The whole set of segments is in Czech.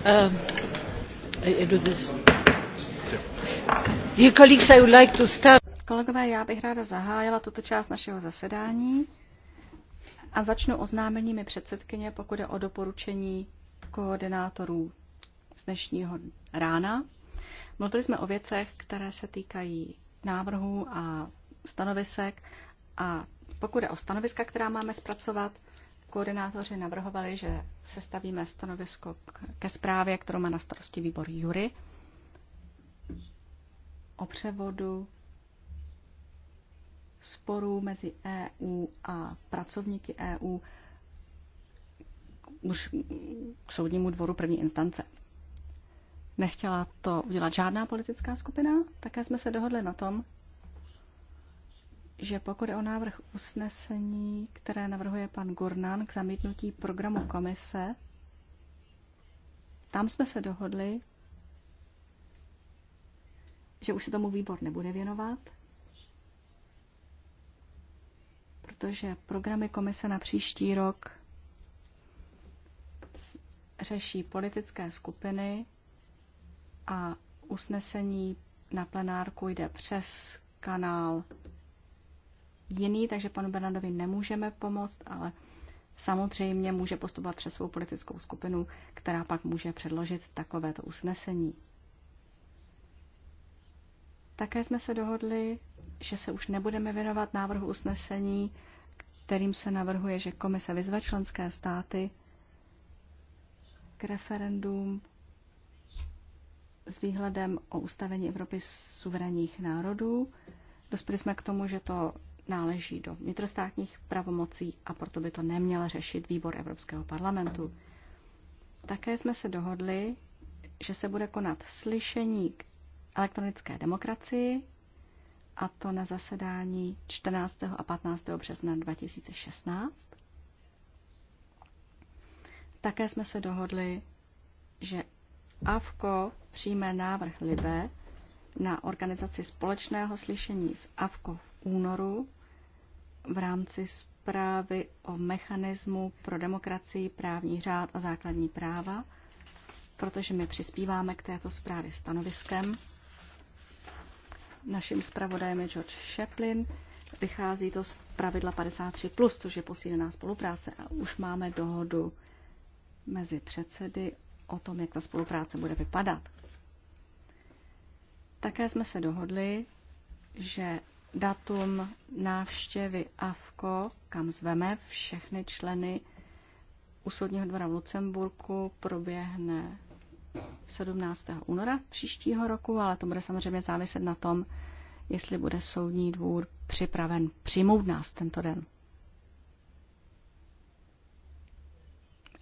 Um, Kolegové, já bych ráda zahájila tuto část našeho zasedání a začnu oznámeními předsedkyně, pokud je o doporučení koordinátorů z dnešního rána. Mluvili jsme o věcech, které se týkají návrhů a stanovisek a pokud je o stanoviska, která máme zpracovat, Koordinátoři navrhovali, že sestavíme stanovisko ke zprávě, kterou má na starosti výbor Jury o převodu sporů mezi EU a pracovníky EU už k soudnímu dvoru první instance. Nechtěla to udělat žádná politická skupina, také jsme se dohodli na tom, že pokud je o návrh usnesení, které navrhuje pan Gurnan k zamítnutí programu komise, tam jsme se dohodli, že už se tomu výbor nebude věnovat, protože programy komise na příští rok řeší politické skupiny a usnesení na plenárku jde přes kanál jiný, takže panu Bernardovi nemůžeme pomoct, ale samozřejmě může postupovat přes svou politickou skupinu, která pak může předložit takovéto usnesení. Také jsme se dohodli, že se už nebudeme věnovat návrhu usnesení, kterým se navrhuje, že komise vyzve členské státy k referendum s výhledem o ustavení Evropy suverénních národů. Dospěli jsme k tomu, že to náleží do vnitrostátních pravomocí a proto by to neměl řešit výbor Evropského parlamentu. Také jsme se dohodli, že se bude konat slyšení k elektronické demokracii a to na zasedání 14. a 15. března 2016. Také jsme se dohodli, že AVKO přijme návrh LIBE na organizaci společného slyšení s AVKO v únoru v rámci zprávy o mechanismu pro demokracii, právní řád a základní práva, protože my přispíváme k této zprávě stanoviskem. Naším zpravodajem je George Sheplin. Vychází to z pravidla 53+, plus, což je posílená spolupráce a už máme dohodu mezi předsedy o tom, jak ta spolupráce bude vypadat. Také jsme se dohodli, že datum návštěvy AFKO, kam zveme všechny členy u dvora v Lucemburku, proběhne 17. února příštího roku, ale to bude samozřejmě záviset na tom, jestli bude Soudní dvůr připraven přijmout nás tento den.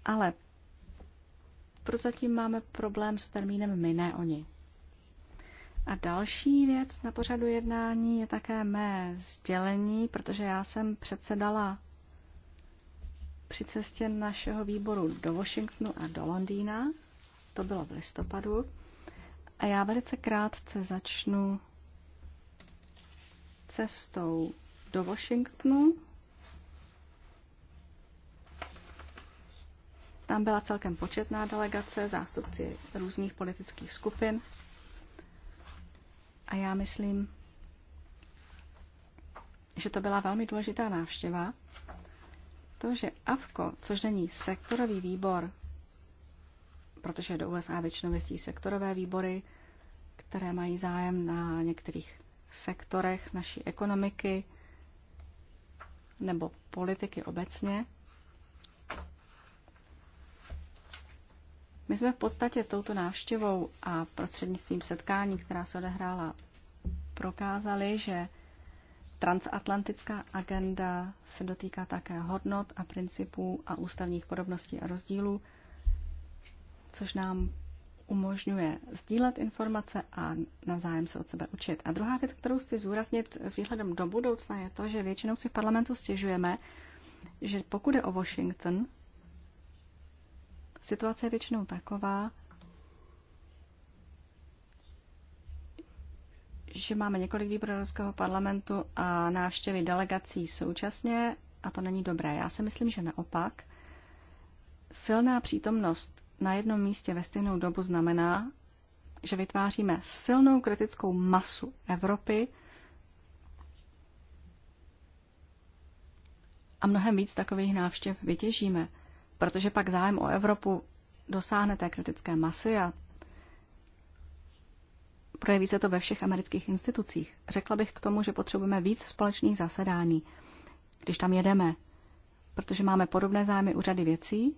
Ale prozatím máme problém s termínem my, ne oni. A další věc na pořadu jednání je také mé sdělení, protože já jsem předsedala při cestě našeho výboru do Washingtonu a do Londýna. To bylo v listopadu. A já velice krátce začnu cestou do Washingtonu. Tam byla celkem početná delegace, zástupci různých politických skupin a já myslím, že to byla velmi důležitá návštěva. To, že AFKO, což není sektorový výbor, protože do USA většinou jezdí sektorové výbory, které mají zájem na některých sektorech naší ekonomiky nebo politiky obecně, My jsme v podstatě touto návštěvou a prostřednictvím setkání, která se odehrála, prokázali, že transatlantická agenda se dotýká také hodnot a principů a ústavních podobností a rozdílů, což nám umožňuje sdílet informace a navzájem se od sebe učit. A druhá věc, kterou chci zúraznit s výhledem do budoucna, je to, že většinou si v parlamentu stěžujeme, že pokud je o Washington, Situace je většinou taková, že máme několik výborů Evropského parlamentu a návštěvy delegací současně a to není dobré. Já si myslím, že naopak silná přítomnost na jednom místě ve stejnou dobu znamená, že vytváříme silnou kritickou masu Evropy a mnohem víc takových návštěv vytěžíme protože pak zájem o Evropu dosáhne té kritické masy a projeví se to ve všech amerických institucích. Řekla bych k tomu, že potřebujeme víc společných zasedání, když tam jedeme, protože máme podobné zájmy u řady věcí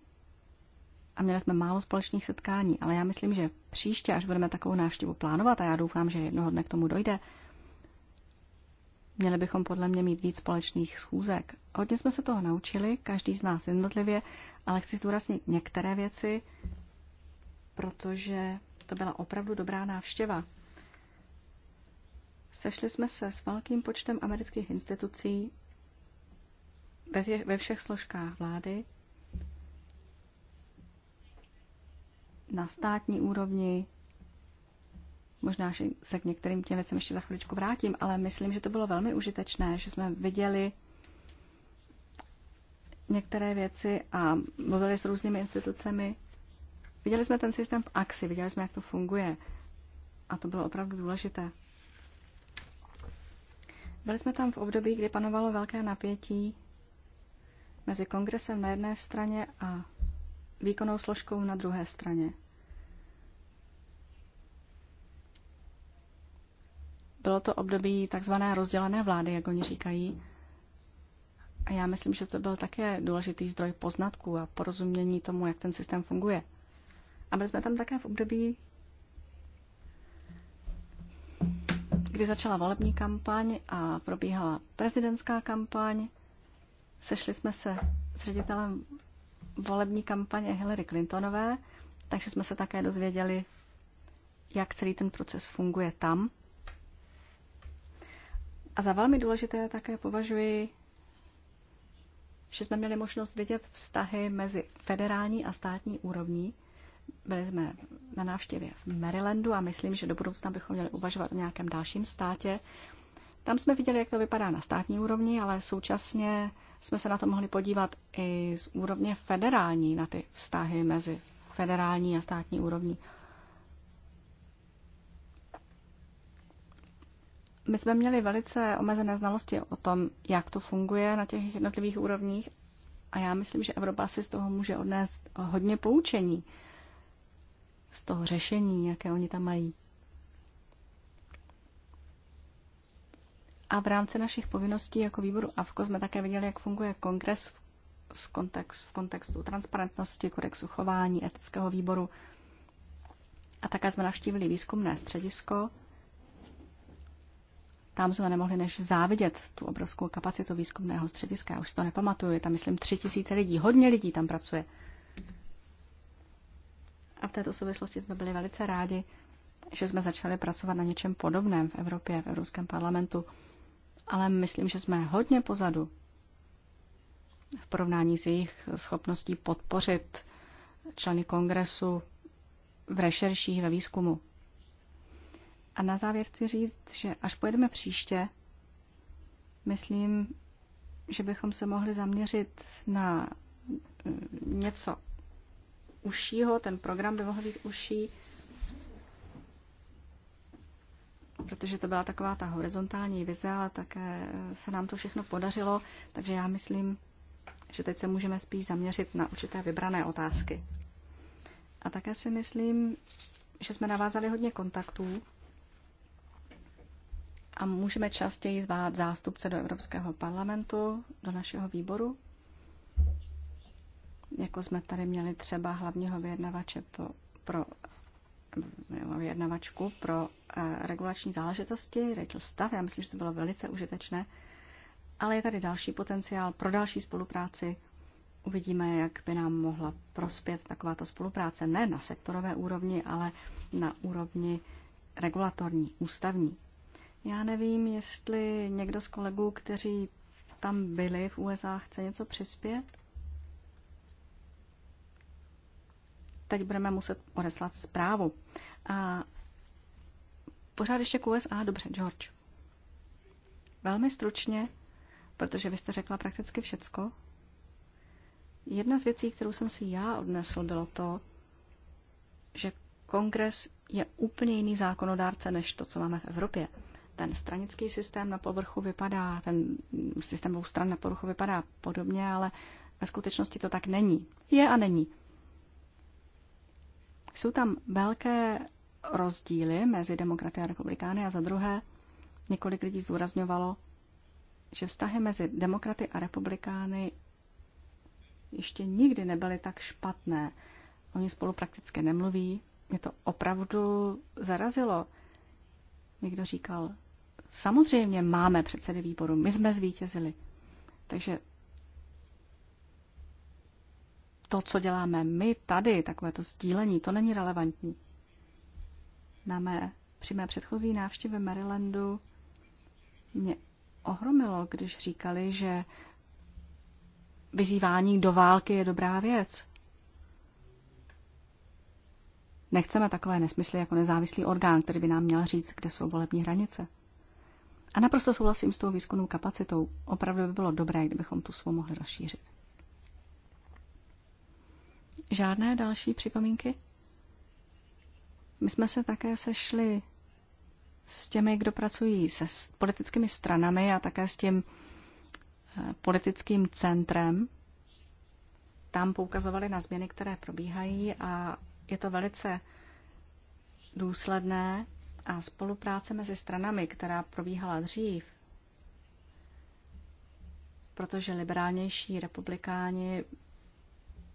a měli jsme málo společných setkání, ale já myslím, že příště, až budeme takovou návštěvu plánovat, a já doufám, že jednoho dne k tomu dojde, Měli bychom podle mě mít víc společných schůzek. Hodně jsme se toho naučili, každý z nás jednotlivě, ale chci zdůraznit některé věci, protože to byla opravdu dobrá návštěva. Sešli jsme se s velkým počtem amerických institucí ve, ve všech složkách vlády, na státní úrovni, Možná, že se k některým těm věcem ještě za chviličku vrátím, ale myslím, že to bylo velmi užitečné, že jsme viděli některé věci a mluvili s různými institucemi. Viděli jsme ten systém v akci, viděli jsme, jak to funguje. A to bylo opravdu důležité. Byli jsme tam v období, kdy panovalo velké napětí mezi kongresem na jedné straně a výkonnou složkou na druhé straně. Bylo to období takzvané rozdělené vlády, jak oni říkají. A já myslím, že to byl také důležitý zdroj poznatků a porozumění tomu, jak ten systém funguje. A byli jsme tam také v období, kdy začala volební kampaň a probíhala prezidentská kampaň. Sešli jsme se s ředitelem volební kampaně Hillary Clintonové, takže jsme se také dozvěděli, jak celý ten proces funguje tam. A za velmi důležité také považuji, že jsme měli možnost vidět vztahy mezi federální a státní úrovní. Byli jsme na návštěvě v Marylandu a myslím, že do budoucna bychom měli uvažovat o nějakém dalším státě. Tam jsme viděli, jak to vypadá na státní úrovni, ale současně jsme se na to mohli podívat i z úrovně federální, na ty vztahy mezi federální a státní úrovní. My jsme měli velice omezené znalosti o tom, jak to funguje na těch jednotlivých úrovních a já myslím, že Evropa si z toho může odnést hodně poučení z toho řešení, jaké oni tam mají. A v rámci našich povinností jako výboru AFKO jsme také viděli, jak funguje kongres v, kontext, v kontextu transparentnosti, kodexu chování, etického výboru. A také jsme navštívili výzkumné středisko, tam jsme nemohli než závidět tu obrovskou kapacitu výzkumného střediska. Já už to nepamatuju, je tam, myslím, tři tisíce lidí. Hodně lidí tam pracuje. A v této souvislosti jsme byli velice rádi, že jsme začali pracovat na něčem podobném v Evropě, v Evropském parlamentu. Ale myslím, že jsme hodně pozadu v porovnání s jejich schopností podpořit členy kongresu v rešerších, ve výzkumu. A na závěr chci říct, že až pojedeme příště, myslím, že bychom se mohli zaměřit na eh, něco užšího, ten program by mohl být užší, protože to byla taková ta horizontální vize, ale také eh, se nám to všechno podařilo, takže já myslím, že teď se můžeme spíš zaměřit na určité vybrané otázky. A také si myslím, že jsme navázali hodně kontaktů a můžeme častěji zvát zástupce do Evropského parlamentu, do našeho výboru, jako jsme tady měli třeba hlavního vyjednavače pro, pro vyjednavačku pro eh, regulační záležitosti, Rachel Stav, já myslím, že to bylo velice užitečné, ale je tady další potenciál pro další spolupráci. Uvidíme, jak by nám mohla prospět takováto spolupráce, ne na sektorové úrovni, ale na úrovni regulatorní, ústavní. Já nevím, jestli někdo z kolegů, kteří tam byli v USA, chce něco přispět. Teď budeme muset odeslat zprávu. A pořád ještě k USA, dobře, George. Velmi stručně, protože vy jste řekla prakticky všecko. Jedna z věcí, kterou jsem si já odnesl, bylo to, že kongres je úplně jiný zákonodárce než to, co máme v Evropě. Ten stranický systém na povrchu vypadá, ten systém dvou stran na povrchu vypadá podobně, ale ve skutečnosti to tak není. Je a není. Jsou tam velké rozdíly mezi demokraty a republikány a za druhé několik lidí zdůrazňovalo, že vztahy mezi demokraty a republikány ještě nikdy nebyly tak špatné. Oni spolu prakticky nemluví. Mě to opravdu zarazilo. Někdo říkal, Samozřejmě máme předsedy výboru, my jsme zvítězili. Takže to, co děláme my tady, takové to sdílení, to není relevantní. Na mé, při mé předchozí návštěvě Marylandu mě ohromilo, když říkali, že vyzývání do války je dobrá věc. Nechceme takové nesmysly jako nezávislý orgán, který by nám měl říct, kde jsou volební hranice. A naprosto souhlasím s tou výzkumnou kapacitou. Opravdu by bylo dobré, kdybychom tu svou mohli rozšířit. Žádné další připomínky? My jsme se také sešli s těmi, kdo pracují se politickými stranami a také s tím eh, politickým centrem. Tam poukazovali na změny, které probíhají a je to velice důsledné a spolupráce mezi stranami, která probíhala dřív, protože liberálnější republikáni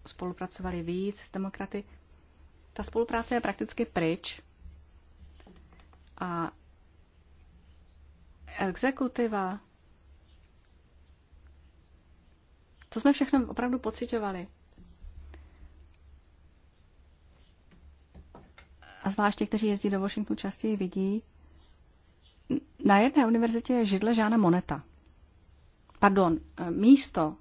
spolupracovali víc s demokraty, ta spolupráce je prakticky pryč a exekutiva, to jsme všechno opravdu pocitovali. a zvlášť ti, kteří jezdí do Washingtonu častěji, vidí, na jedné univerzitě je židle Žána Moneta. Pardon, eh, místo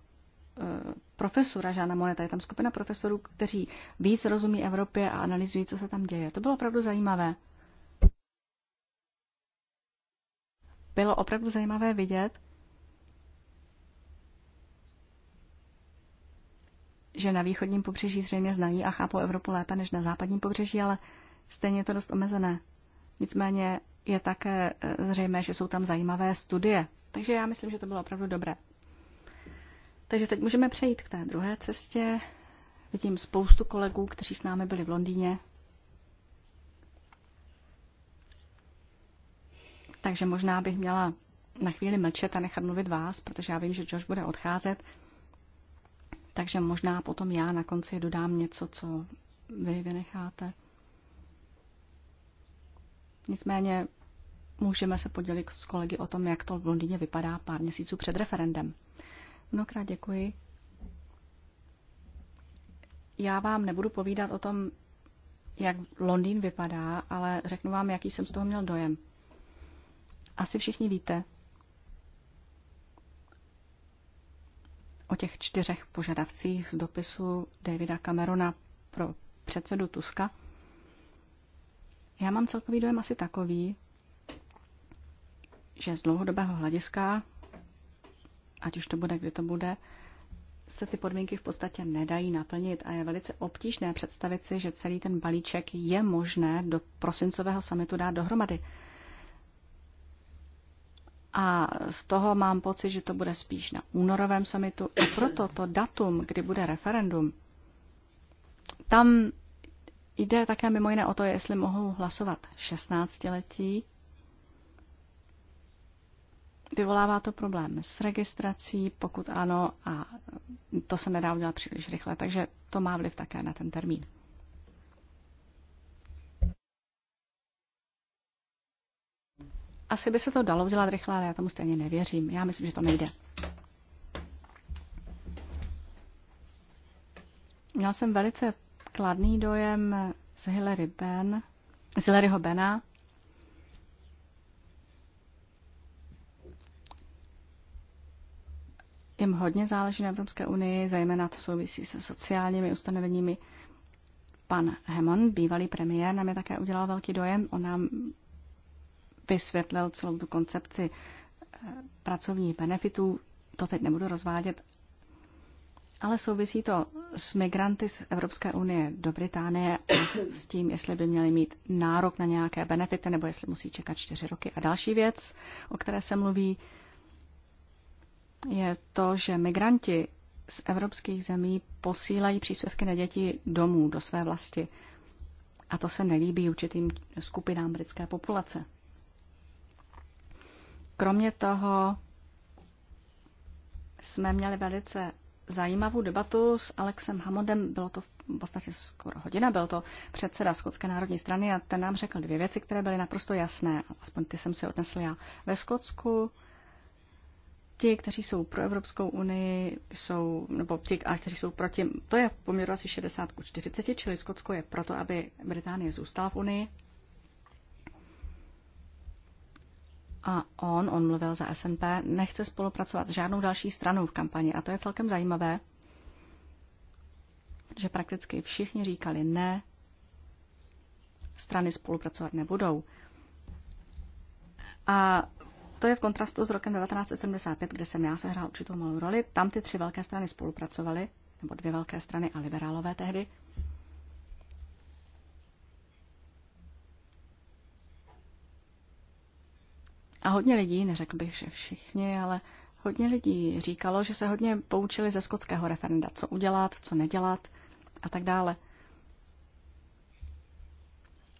eh, profesora Žána Moneta, je tam skupina profesorů, kteří víc rozumí Evropě a analyzují, co se tam děje. To bylo opravdu zajímavé. Bylo opravdu zajímavé vidět, že na východním pobřeží zřejmě znají a chápou Evropu lépe než na západním pobřeží, ale Stejně je to dost omezené. Nicméně je také eh, zřejmé, že jsou tam zajímavé studie. Takže já myslím, že to bylo opravdu dobré. Takže teď můžeme přejít k té druhé cestě. Vidím spoustu kolegů, kteří s námi byli v Londýně. Takže možná bych měla na chvíli mlčet a nechat mluvit vás, protože já vím, že Josh bude odcházet. Takže možná potom já na konci dodám něco, co vy vynecháte. Nicméně můžeme se podělit s kolegy o tom, jak to v Londýně vypadá pár měsíců před referendem. Mnohokrát děkuji. Já vám nebudu povídat o tom, jak Londýn vypadá, ale řeknu vám, jaký jsem z toho měl dojem. Asi všichni víte o těch čtyřech požadavcích z dopisu Davida Camerona pro předsedu Tuska – já mám celkový dojem asi takový, že z dlouhodobého hlediska, ať už to bude, kdy to bude, se ty podmínky v podstatě nedají naplnit a je velice obtížné představit si, že celý ten balíček je možné do prosincového samitu dát dohromady. A z toho mám pocit, že to bude spíš na únorovém samitu a proto to datum, kdy bude referendum, tam Jde také mimo jiné o to, jestli mohou hlasovat 16-letí. Vyvolává to problém s registrací, pokud ano, a to se nedá udělat příliš rychle, takže to má vliv také na ten termín. Asi by se to dalo udělat rychle, ale já tomu stejně nevěřím. Já myslím, že to nejde. Měl jsem velice kladný dojem z Hillary Ben, z Hillaryho Bena, Jim hodně záleží na Evropské unii, zejména to souvisí se sociálními ustanoveními. Pan Hemon, bývalý premiér, nám je také udělal velký dojem. On nám vysvětlil celou tu koncepci eh, pracovních benefitů. To teď nebudu rozvádět, ale souvisí to s migranty z Evropské unie do Británie a s tím, jestli by měli mít nárok na nějaké benefity nebo jestli musí čekat čtyři roky. A další věc, o které se mluví, je to, že migranti z evropských zemí posílají příspěvky na děti domů, do své vlasti. A to se nelíbí určitým skupinám britské populace. Kromě toho jsme měli velice zajímavou debatu s Alexem Hamodem. Bylo to v podstatě skoro hodina, byl to předseda Skotské národní strany a ten nám řekl dvě věci, které byly naprosto jasné, aspoň ty jsem si odnesl já. Ve Skotsku ti, kteří jsou pro Evropskou unii, jsou, nebo ti, a kteří jsou proti, to je v poměru asi 60 k 40, čili Skotsko je proto, aby Británie zůstala v unii a on, on mluvil za SNP, nechce spolupracovat s žádnou další stranou v kampani. A to je celkem zajímavé, že prakticky všichni říkali ne, strany spolupracovat nebudou. A to je v kontrastu s rokem 1975, kde jsem já sehrál určitou malou roli. Tam ty tři velké strany spolupracovaly, nebo dvě velké strany a liberálové tehdy. A hodně lidí, neřekl bych, že všichni, ale hodně lidí říkalo, že se hodně poučili ze skotského referenda, co udělat, co nedělat a tak dále.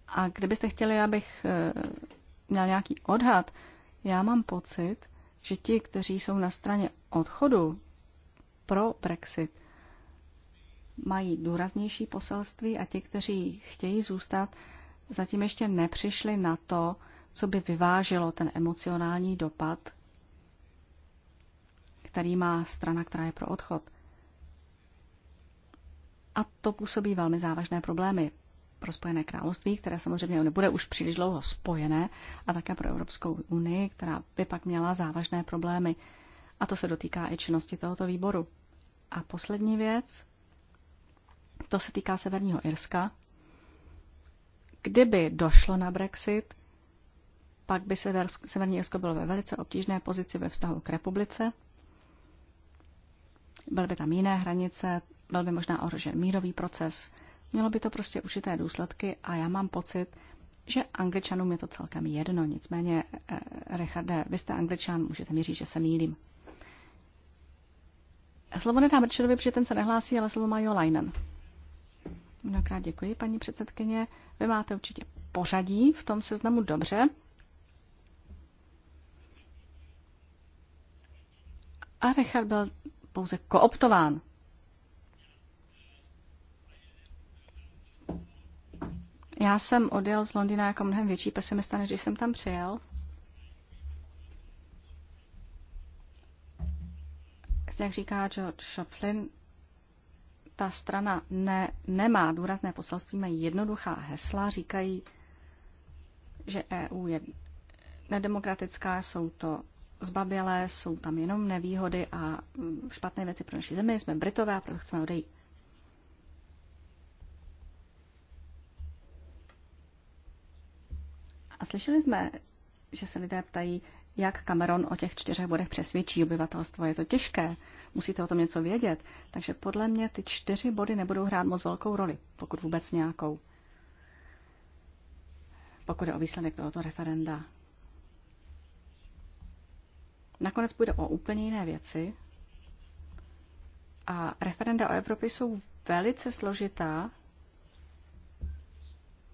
A kdybyste chtěli, abych eh, měl nějaký odhad, já mám pocit, že ti, kteří jsou na straně odchodu pro Brexit, mají důraznější poselství a ti, kteří chtějí zůstat, zatím ještě nepřišli na to, co by vyváželo ten emocionální dopad, který má strana, která je pro odchod. A to působí velmi závažné problémy pro Spojené království, které samozřejmě nebude už příliš dlouho spojené, a také pro Evropskou unii, která by pak měla závažné problémy. A to se dotýká i činnosti tohoto výboru. A poslední věc, to se týká Severního Irska. Kdyby došlo na Brexit, pak by Sever, Severní Irsko bylo ve velice obtížné pozici ve vztahu k republice. Byly by tam jiné hranice, byl by možná ohrožen mírový proces. Mělo by to prostě určité důsledky a já mám pocit, že angličanům je to celkem jedno. Nicméně, eh, Richarde, vy jste angličan, můžete mi říct, že se mýlím. Slovo nedám Richardovi, protože ten se nehlásí, ale slovo má Jolajnen. Mnohokrát děkuji, paní předsedkyně. Vy máte určitě pořadí v tom seznamu dobře. A Richard byl pouze kooptován. Já jsem odjel z Londýna jako mnohem větší pesimista, než když jsem tam přijel. Jak říká George Chaplin, ta strana ne, nemá důrazné poselství, mají jednoduchá hesla, říkají, že EU je nedemokratická, jsou to zbabělé, jsou tam jenom nevýhody a mm, špatné věci pro naši zemi. Jsme Britové a proto chceme odejít. A slyšeli jsme, že se lidé ptají, jak Cameron o těch čtyřech bodech přesvědčí obyvatelstvo. Je to těžké, musíte o tom něco vědět. Takže podle mě ty čtyři body nebudou hrát moc velkou roli, pokud vůbec nějakou. Pokud je o výsledek tohoto referenda, Nakonec půjde o úplně jiné věci. A referenda o Evropě jsou velice složitá,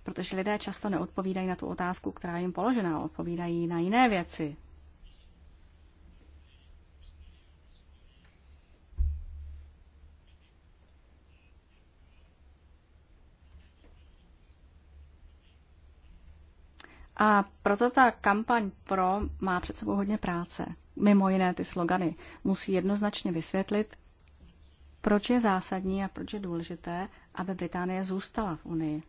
protože lidé často neodpovídají na tu otázku, která jim položená, odpovídají na jiné věci, A proto ta kampaň pro má před sebou hodně práce. Mimo jiné ty slogany musí jednoznačně vysvětlit, proč je zásadní a proč je důležité, aby Británie zůstala v Unii.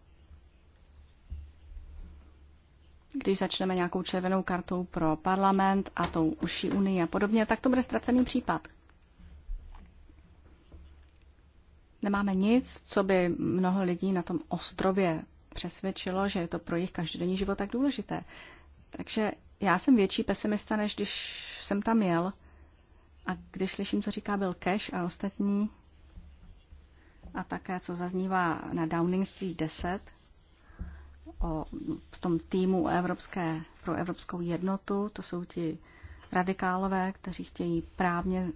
Když začneme nějakou červenou kartou pro parlament a tou uší Unii a podobně, tak to bude ztracený případ. Nemáme nic, co by mnoho lidí na tom ostrově přesvědčilo, že je to pro jejich každodenní život tak důležité. Takže já jsem větší pesimista, než když jsem tam jel. A když slyším, co říká Bill Cash a ostatní, a také, co zaznívá na Downing Street 10, o tom týmu evropské, pro evropskou jednotu, to jsou ti radikálové, kteří chtějí právně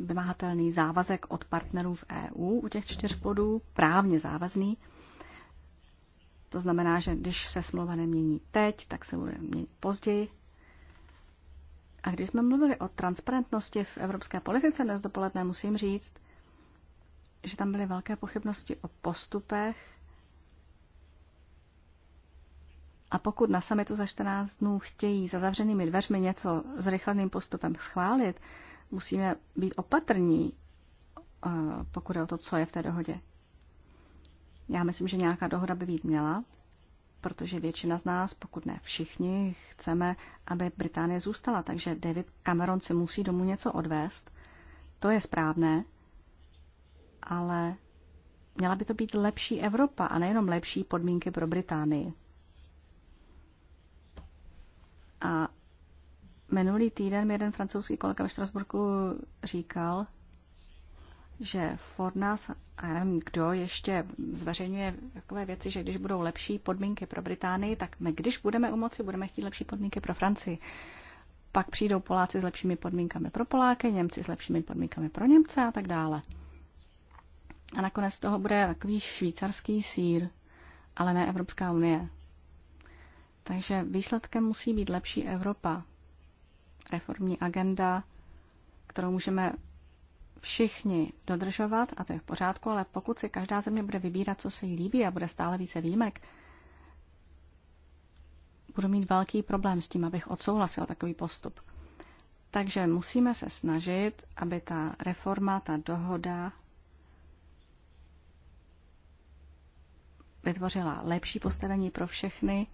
vymahatelný závazek od partnerů v EU u těch čtyř bodů, právně závazný. To znamená, že když se smlouva nemění teď, tak se bude měnit později. A když jsme mluvili o transparentnosti v evropské politice dnes dopoledne, musím říct, že tam byly velké pochybnosti o postupech. A pokud na samitu za 14 dnů chtějí za zavřenými dveřmi něco s rychleným postupem schválit, musíme být opatrní, eh, pokud je o to, co je v té dohodě. Já myslím, že nějaká dohoda by být měla, protože většina z nás, pokud ne všichni, chceme, aby Británie zůstala. Takže David Cameron si musí domů něco odvést. To je správné, ale měla by to být lepší Evropa a nejenom lepší podmínky pro Británii. A minulý týden mi jeden francouzský kolega ve Štrasburku říkal, že for nás, a nevím, kdo ještě zveřejňuje takové věci, že když budou lepší podmínky pro Británii, tak my, když budeme u moci, budeme chtít lepší podmínky pro Francii. Pak přijdou Poláci s lepšími podmínkami pro Poláky, Němci s lepšími podmínkami pro Němce a tak dále. A nakonec z toho bude takový švýcarský sír, ale ne Evropská unie. Takže výsledkem musí být lepší Evropa, reformní agenda, kterou můžeme všichni dodržovat, a to je v pořádku, ale pokud si každá země bude vybírat, co se jí líbí a bude stále více výjimek, budu mít velký problém s tím, abych odsouhlasil takový postup. Takže musíme se snažit, aby ta reforma, ta dohoda vytvořila lepší postavení pro všechny,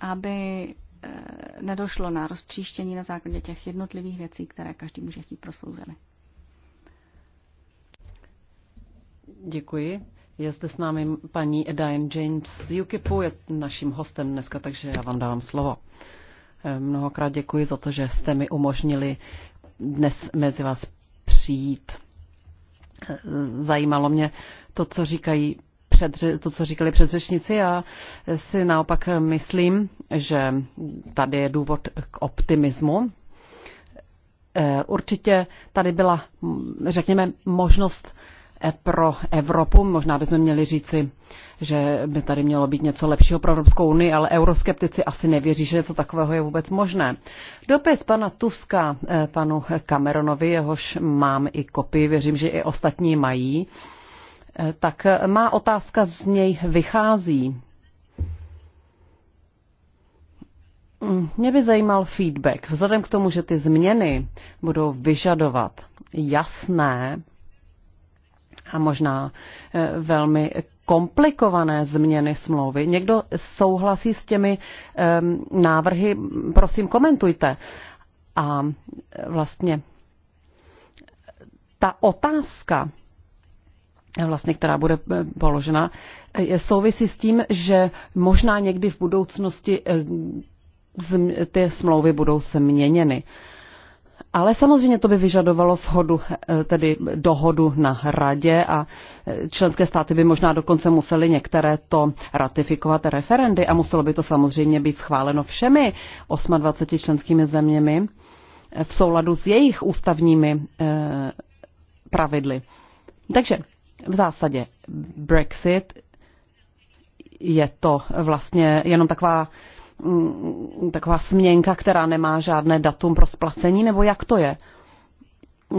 aby eh, nedošlo na roztříštění na základě těch jednotlivých věcí, které každý může chtít pro svou zemi. Děkuji. Je zde s námi paní Diane James z UKIPu, je naším hostem dneska, takže já vám dávám slovo. Eh, mnohokrát děkuji za to, že jste mi umožnili dnes mezi vás přijít. Eh, zajímalo mě to, co říkají předře- to, co říkali předřečníci. Já si naopak myslím, že tady je důvod k optimismu. Eh, určitě tady byla, řekněme, možnost pro Evropu. Možná bychom měli říci, že by tady mělo být něco lepšího pro Evropskou unii, ale euroskeptici asi nevěří, že něco takového je vůbec možné. Dopis pana Tuska eh, panu Cameronovi, jehož mám i kopii, věřím, že i ostatní mají, eh, tak má otázka z něj vychází. Mě by zajímal feedback. Vzhledem k tomu, že ty změny budou vyžadovat jasné a možná eh, velmi komplikované změny smlouvy. Někdo souhlasí s těmi ehm, návrhy, prosím komentujte. A eh, vlastně ta otázka, eh, vlastně, která bude položena, souvisí s tím, že možná někdy v budoucnosti ty smlouvy budou se měněny. Ale samozřejmě to by vyžadovalo shodu, eh, tedy dohodu na radě a eh, členské státy by možná dokonce museli některé to ratifikovat referendy a muselo by to samozřejmě být schváleno všemi 28 členskými zeměmi eh, v souladu s jejich ústavními pravidly. Takže v zásadě Brexit je to vlastně jenom taková Mm, taková směnka, která nemá žádné datum pro splacení, nebo jak to je?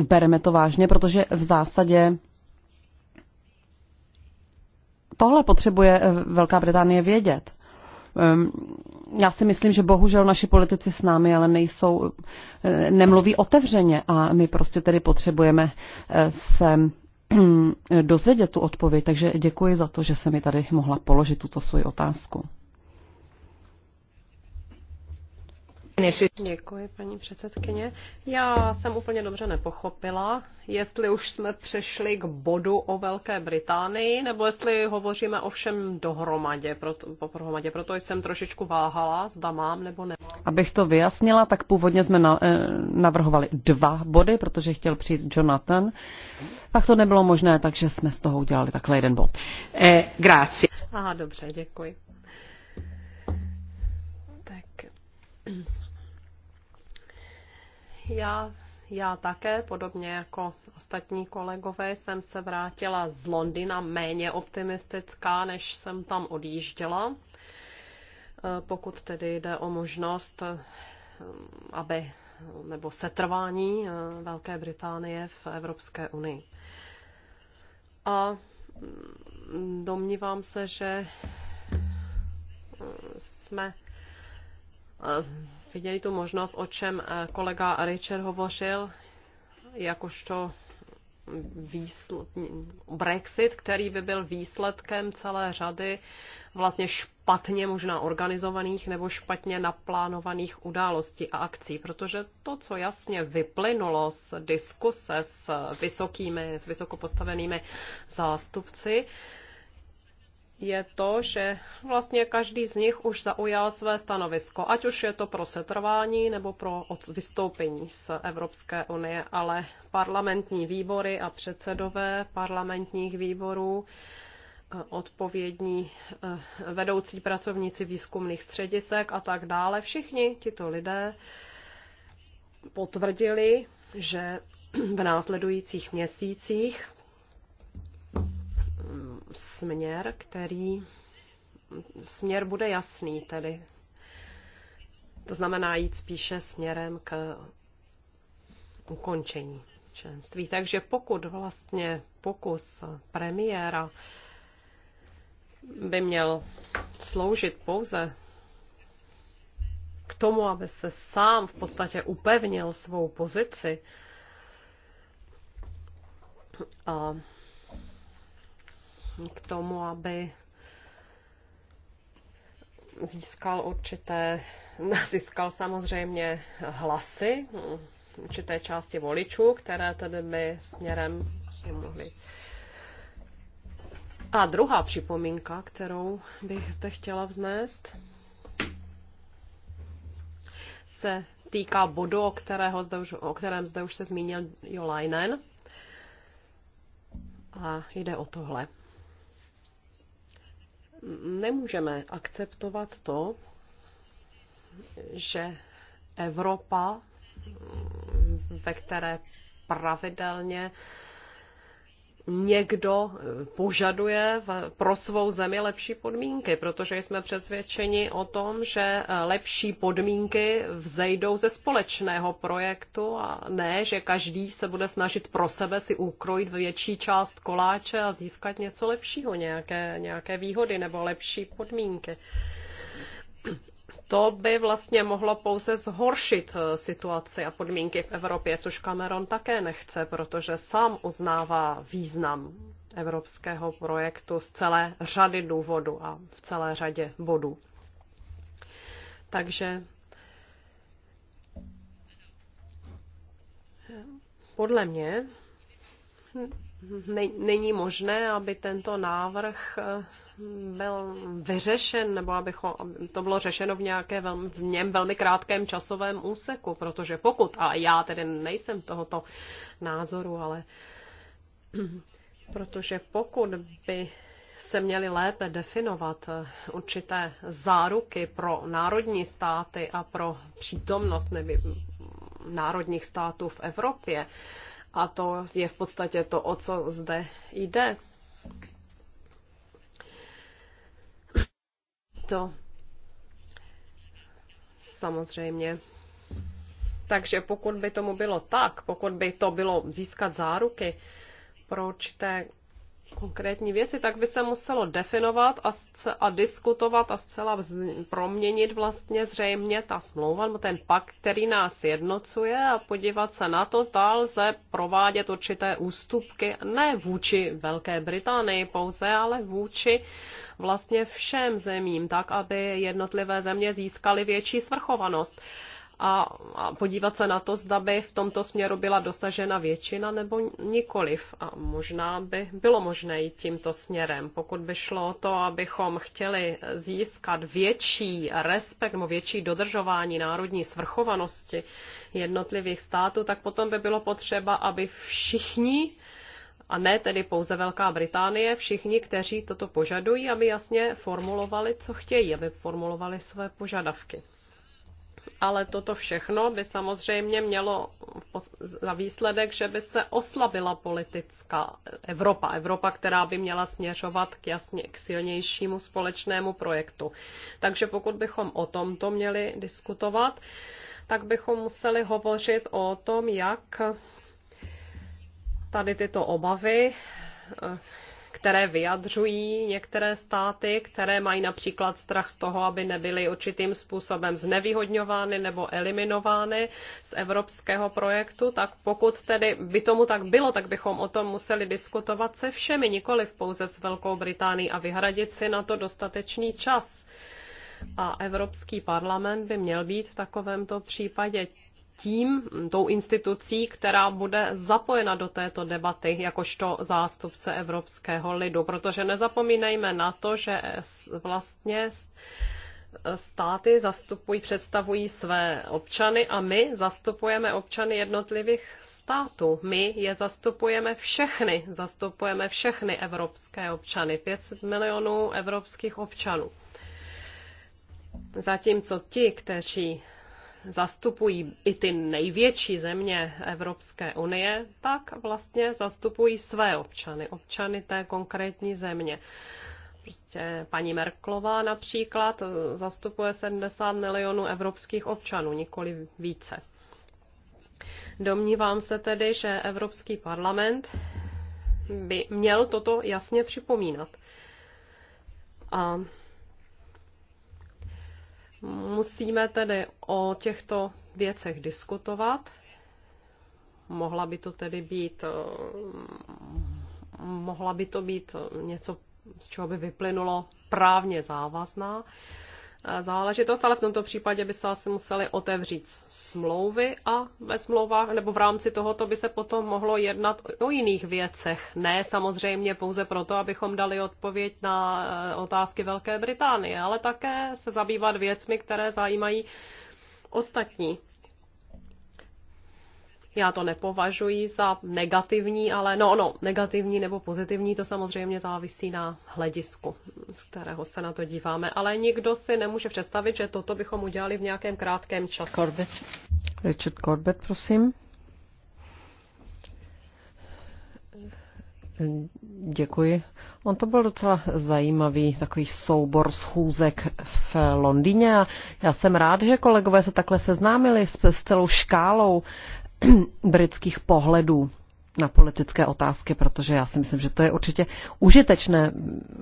Bereme to vážně, protože v zásadě tohle potřebuje eh, Velká Británie vědět. Ehm, já si myslím, že bohužel naši politici s námi ale nejsou, eh, nemluví otevřeně a my prostě tedy potřebujeme eh, se dozvědět tu odpověď, takže děkuji za to, že se mi tady mohla položit tuto svoji otázku. Děkuji, paní předsedkyně. Já jsem úplně dobře nepochopila, jestli už jsme přešli k bodu o Velké Británii, nebo jestli hovoříme o všem dohromadě, proto, proto jsem trošičku váhala, zda mám nebo ne. Abych to vyjasnila, tak původně jsme na, eh, navrhovali dva body, protože chtěl přijít Jonathan. Pak to nebylo možné, takže jsme z toho udělali takhle jeden bod. Eh, grazie. Aha, dobře, děkuji. Tak já, já také, podobně jako ostatní kolegové, jsem se vrátila z Londýna méně optimistická, než jsem tam odjížděla. E, pokud tedy jde o možnost, e, aby nebo setrvání e, Velké Británie v Evropské unii. A mm, domnívám se, že jsme měli tu možnost, o čem eh, kolega Richard hovořil, jakožto výsl- Brexit, který by byl výsledkem celé řady vlastně špatně možná organizovaných nebo špatně naplánovaných událostí a akcí, protože to, co jasně vyplynulo z diskuse s vysokými, s vysokopostavenými zástupci, je to, že vlastně každý z nich už zaujal své stanovisko, ať už je to pro setrvání nebo pro vystoupení z Evropské unie, ale parlamentní výbory a předsedové parlamentních výborů eh, odpovědní eh, vedoucí pracovníci výzkumných středisek a tak dále. Všichni tito lidé potvrdili, že v následujících měsících směr, který směr bude jasný tedy. To znamená jít spíše směrem k ukončení členství. Takže pokud vlastně pokus premiéra by měl sloužit pouze k tomu, aby se sám v podstatě upevnil svou pozici, a k tomu, aby získal určité, získal samozřejmě hlasy určité části voličů, které tedy by směrem mohly. A druhá připomínka, kterou bych zde chtěla vznést, se týká bodu, o, kterého zde už, o kterém zde už se zmínil Jolainen, A jde o tohle. Nemůžeme akceptovat to, že Evropa, ve které pravidelně někdo eh, požaduje pro svou zemi lepší podmínky, protože jsme přesvědčeni o tom, že eh, lepší podmínky vzejdou ze společného projektu a ne, že každý se bude snažit pro sebe si ukrojit větší část koláče a získat něco lepšího, nějaké, nějaké výhody nebo lepší podmínky to by vlastně mohlo pouze zhoršit eh, situaci a podmínky v Evropě, což Cameron také nechce, protože sám uznává význam evropského projektu z celé řady důvodů a v celé řadě bodů. Takže podle mě není možné, aby tento návrh eh, byl vyřešen, nebo abychom, aby to bylo řešeno v, nějaké velmi, v něm velmi krátkém časovém úseku, protože pokud, a já tedy nejsem tohoto názoru, ale protože pokud by se měly lépe definovat eh, určité záruky pro národní státy a pro přítomnost neby, národních států v Evropě, a to je v podstatě to, o co zde jde, to samozřejmě. Takže pokud by tomu bylo tak, pokud by to bylo získat záruky, proč té konkrétní věci, tak by se muselo definovat a, a diskutovat a zcela vz, proměnit vlastně zřejmě ta smlouva, nebo ten pakt, který nás jednocuje a podívat se na to, zda lze provádět určité ústupky ne vůči Velké Británii pouze, ale vůči vlastně všem zemím, tak aby jednotlivé země získaly větší svrchovanost. Uh, a, a podívat se na to, zda by v tomto směru byla dosažena většina nebo nikoliv. A možná by bylo možné jít tímto směrem, pokud by šlo o to, abychom chtěli získat větší respekt nebo větší dodržování národní svrchovanosti jednotlivých států, tak potom by bylo potřeba, aby všichni a ne tedy pouze Velká Británie, všichni, kteří toto požadují, aby jasně formulovali, co chtějí, aby formulovali své požadavky ale toto všechno by samozřejmě mělo za výsledek, že by se oslabila politická Evropa. Evropa, která by měla směřovat k jasně k silnějšímu společnému projektu. Takže pokud bychom o tomto měli diskutovat, tak bychom museli hovořit o tom, jak tady tyto obavy které vyjadřují některé státy, které mají například strach z toho, aby nebyly určitým způsobem znevýhodňovány nebo eliminovány z evropského projektu, tak pokud tedy by tomu tak bylo, tak bychom o tom museli diskutovat se všemi, nikoli pouze s Velkou Británií a vyhradit si na to dostatečný čas. A Evropský parlament by měl být v takovémto případě tím, tou institucí, která bude zapojena do této debaty jakožto zástupce evropského lidu, protože nezapomínejme na to, že vlastně státy zastupují, představují své občany a my zastupujeme občany jednotlivých států. My je zastupujeme všechny, zastupujeme všechny evropské občany, 500 milionů evropských občanů. Zatímco ti, kteří zastupují i ty největší země Evropské unie, tak vlastně zastupují své občany, občany té konkrétní země. Prostě paní Merklová například eh, zastupuje 70 milionů evropských občanů, nikoli více. Domnívám se tedy, že Evropský parlament by měl toto jasně připomínat. A Musíme tedy o těchto věcech diskutovat. Mohla by to tedy být, eh, mohla by to být něco, z čeho by vyplynulo právně závazná záležitost, ale v tomto případě by se asi museli otevřít smlouvy a ve smlouvách nebo v rámci tohoto by se potom mohlo jednat o jiných věcech. Ne samozřejmě pouze proto, abychom dali odpověď na eh, otázky Velké Británie, ale také se zabývat věcmi, které zajímají ostatní. Já to nepovažuji za negativní, ale no, no, negativní nebo pozitivní, to samozřejmě závisí na hledisku, z kterého se na to díváme. Ale nikdo si nemůže představit, že toto bychom udělali v nějakém krátkém čase. Corbett. Richard Corbett, prosím. Děkuji. On to byl docela zajímavý takový soubor schůzek v Londýně a já jsem rád, že kolegové se takhle seznámili s, s celou škálou britských pohledů na politické otázky, protože já si myslím, že to je určitě užitečné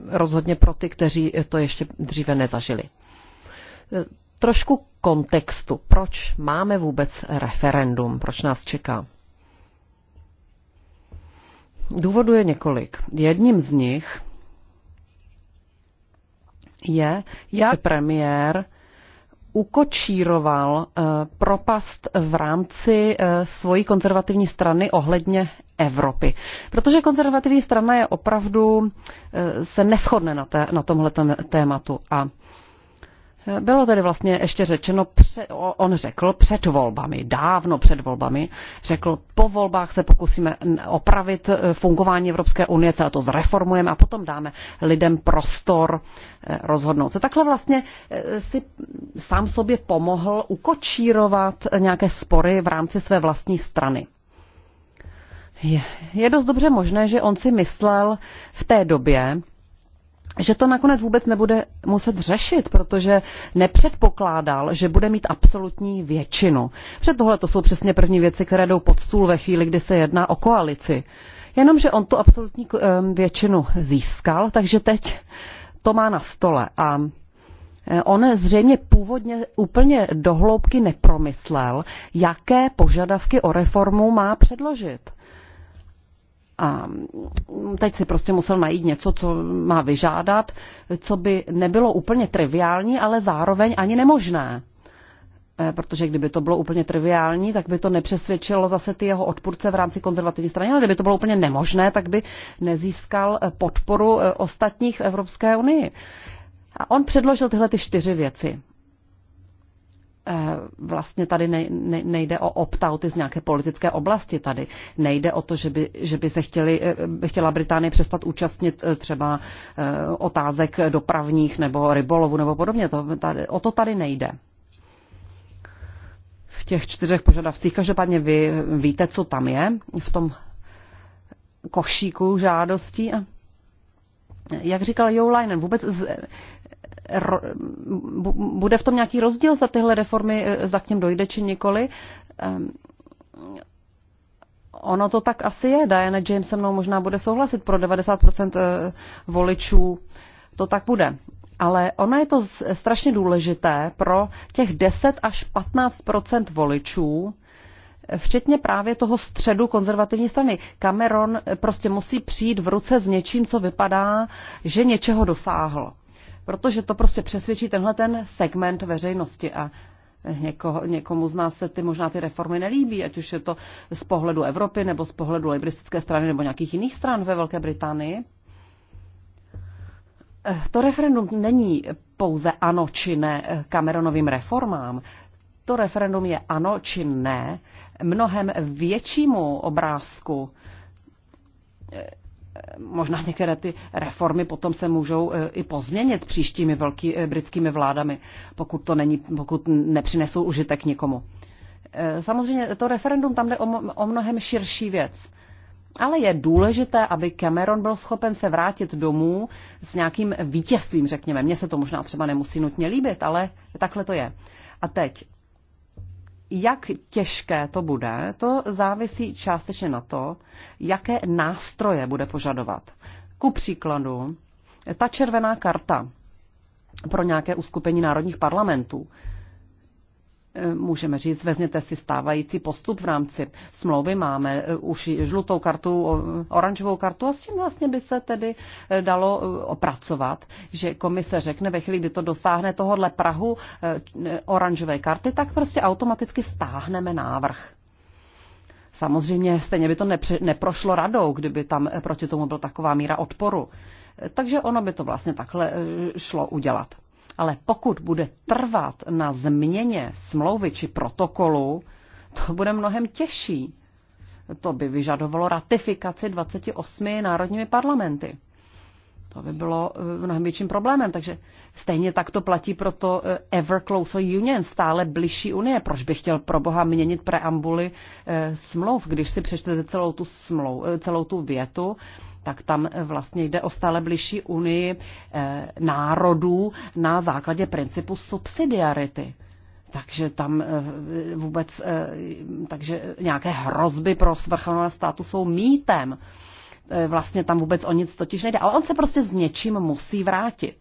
rozhodně pro ty, kteří to ještě dříve nezažili. E, trošku kontextu, proč máme vůbec referendum, proč nás čeká. Důvodů je několik. Jedním z nich je, jak premiér ukočíroval eh, propast v rámci eh, svojí konzervativní strany ohledně Evropy. Protože konzervativní strana je opravdu, eh, se neschodne na, té, na tomhle tématu. A bylo tedy vlastně ještě řečeno, on řekl před volbami, dávno před volbami, řekl, po volbách se pokusíme opravit e, fungování Evropské unie, celé to zreformujeme a potom dáme lidem prostor e, rozhodnout se. Takhle vlastně e, si sám sobě pomohl ukočírovat nějaké spory v rámci své vlastní strany. Je, je dost dobře možné, že on si myslel v té době, že to nakonec vůbec nebude muset řešit, protože nepředpokládal, že bude mít absolutní většinu. Před tohle to jsou přesně první věci, které jdou pod stůl ve chvíli, kdy se jedná o koalici. Jenomže on tu absolutní eh, většinu získal, takže teď to má na stole. A eh, on zřejmě původně úplně dohloubky nepromyslel, jaké požadavky o reformu má předložit. A teď si prostě musel najít něco, co má vyžádat, co by nebylo úplně triviální, ale zároveň ani nemožné. Eh, protože kdyby to bylo úplně triviální, tak by to nepřesvědčilo zase ty jeho odpůrce v rámci konzervativní strany, ale kdyby to bylo úplně nemožné, tak by nezískal eh, podporu eh, ostatních v Evropské unii. A on předložil tyhle ty čtyři věci. Eh, vlastně tady nejde o optauty z nějaké politické oblasti tady. Nejde o to, že by, že by se chtěli, eh, chtěla Británie přestat účastnit eh, třeba otázek dopravních nebo rybolovu nebo podobně. To, tady, o to tady nejde. V těch čtyřech požadavcích. Každopádně vy víte, co tam je v tom košíku žádostí. A jak říkal Joulainen, vůbec bude v tom nějaký rozdíl za tyhle reformy, eh, za k něm dojde či nikoli. Ehm, ono to tak asi je. Diana James se mnou možná bude souhlasit pro 90% eh, voličů. To tak bude. Ale ono je to strašně důležité pro těch 10 až 15 voličů, eh, včetně právě toho středu konzervativní strany. Cameron prostě musí přijít v ruce s něčím, co vypadá, že něčeho dosáhl protože to prostě přesvědčí tenhle ten segment veřejnosti a Někoho, někomu z nás se ty možná ty reformy nelíbí, ať už je to z pohledu Evropy nebo z pohledu liberistické strany nebo nějakých jiných stran ve Velké Británii. To referendum není pouze ano či ne Cameronovým reformám. To referendum je ano či ne mnohem většímu obrázku možná některé ty reformy potom se můžou e, i pozměnit příštími velký, e, britskými vládami, pokud, to není, pokud nepřinesou užitek nikomu. E, samozřejmě to referendum tam jde o, o mnohem širší věc. Ale je důležité, aby Cameron byl schopen se vrátit domů s nějakým vítězstvím, řekněme. Mně se to možná třeba nemusí nutně líbit, ale takhle to je. A teď jak těžké to bude, to závisí částečně na to, jaké nástroje bude požadovat. Ku příkladu, ta červená karta pro nějaké uskupení národních parlamentů, můžeme říct, vezměte si stávající postup v rámci smlouvy, máme eh, už žlutou kartu, oranžovou kartu a s tím vlastně by se tedy eh, dalo eh, opracovat, že komise řekne ve chvíli, kdy to dosáhne tohohle Prahu oranžové karty, tak prostě automaticky stáhneme návrh. Samozřejmě stejně by to neprošlo radou, kdyby tam proti tomu byla taková míra odporu. Takže ono by to vlastně takhle šlo udělat. Ale pokud bude trvat na změně smlouvy či protokolu, to bude mnohem těžší. To by vyžadovalo ratifikaci 28 národními parlamenty. To by bylo eh, mnohem větším problémem. Takže stejně tak to platí pro to eh, Ever Closer Union, stále bližší unie. Proč bych chtěl pro boha měnit preambuly eh, smlouv, když si přečtete celou tu, smlou, celou tu větu, tak tam eh, vlastně jde o stále bližší unii eh, národů na základě principu subsidiarity. Takže tam eh, vůbec takže nějaké hrozby pro svrchovanost státu jsou mýtem. Vlastně tam vůbec o nic totiž nejde. Ale on se prostě s něčím musí vrátit.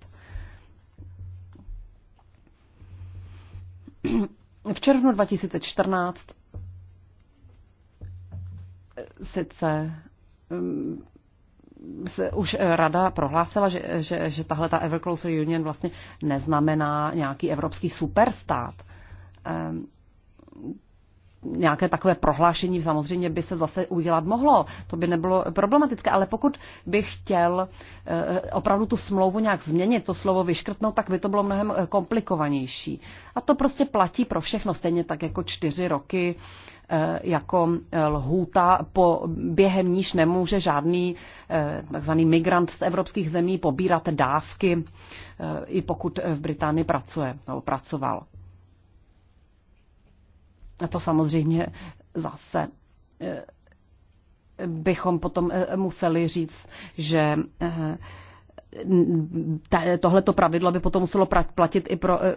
V červnu 2014 sice mm, už eh, rada prohlásila, že, že, že tahle ta Ever Closer Union vlastně neznamená nějaký evropský superstát. Ehm, nějaké takové prohlášení samozřejmě by se zase udělat mohlo, to by nebylo problematické, ale pokud bych chtěl eh, opravdu tu smlouvu nějak změnit, to slovo vyškrtnout, tak by to bylo mnohem eh, komplikovanější. A to prostě platí pro všechno, stejně tak jako čtyři roky Eh, jako eh, lhůta, po, během níž nemůže žádný eh, takzvaný migrant z evropských zemí pobírat dávky, i pokud v Británii pracuje nebo pracoval. A to samozřejmě zase bychom potom museli říct, že tohleto pravidlo by potom muselo platit i pro eh,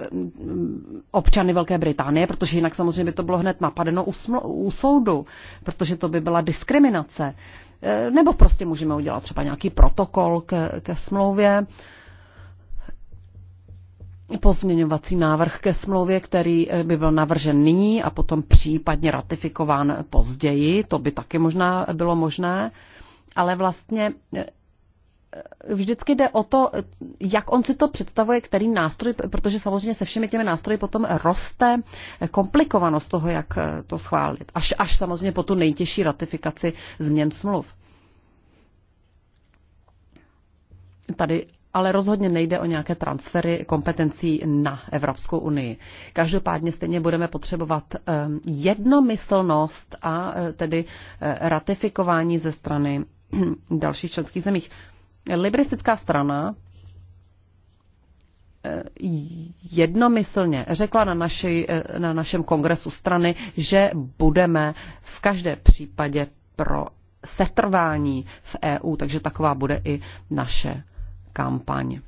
občany Velké Británie, protože jinak samozřejmě by to bylo hned napadeno u, soudu, protože to by byla diskriminace. Eh, nebo prostě můžeme udělat třeba nějaký protokol ke, ke smlouvě, pozměňovací návrh ke smlouvě, který eh, by byl navržen nyní a potom případně ratifikován později, to by taky možná bylo možné, ale vlastně vždycky jde o to, jak on si to představuje, který nástroj, protože samozřejmě se všemi těmi nástroji potom roste komplikovanost toho, jak to schválit. Až, až samozřejmě po tu nejtěžší ratifikaci změn smluv. Tady ale rozhodně nejde o nějaké transfery kompetencí na Evropskou unii. Každopádně stejně budeme potřebovat ehm, jednomyslnost a e, tedy e, ratifikování ze strany dalších členských zemích liberistická strana eh, jednomyslně řekla na, naši, eh, na našem kongresu strany, že budeme v každém případě pro setrvání v EU, takže taková bude i naše kampaň.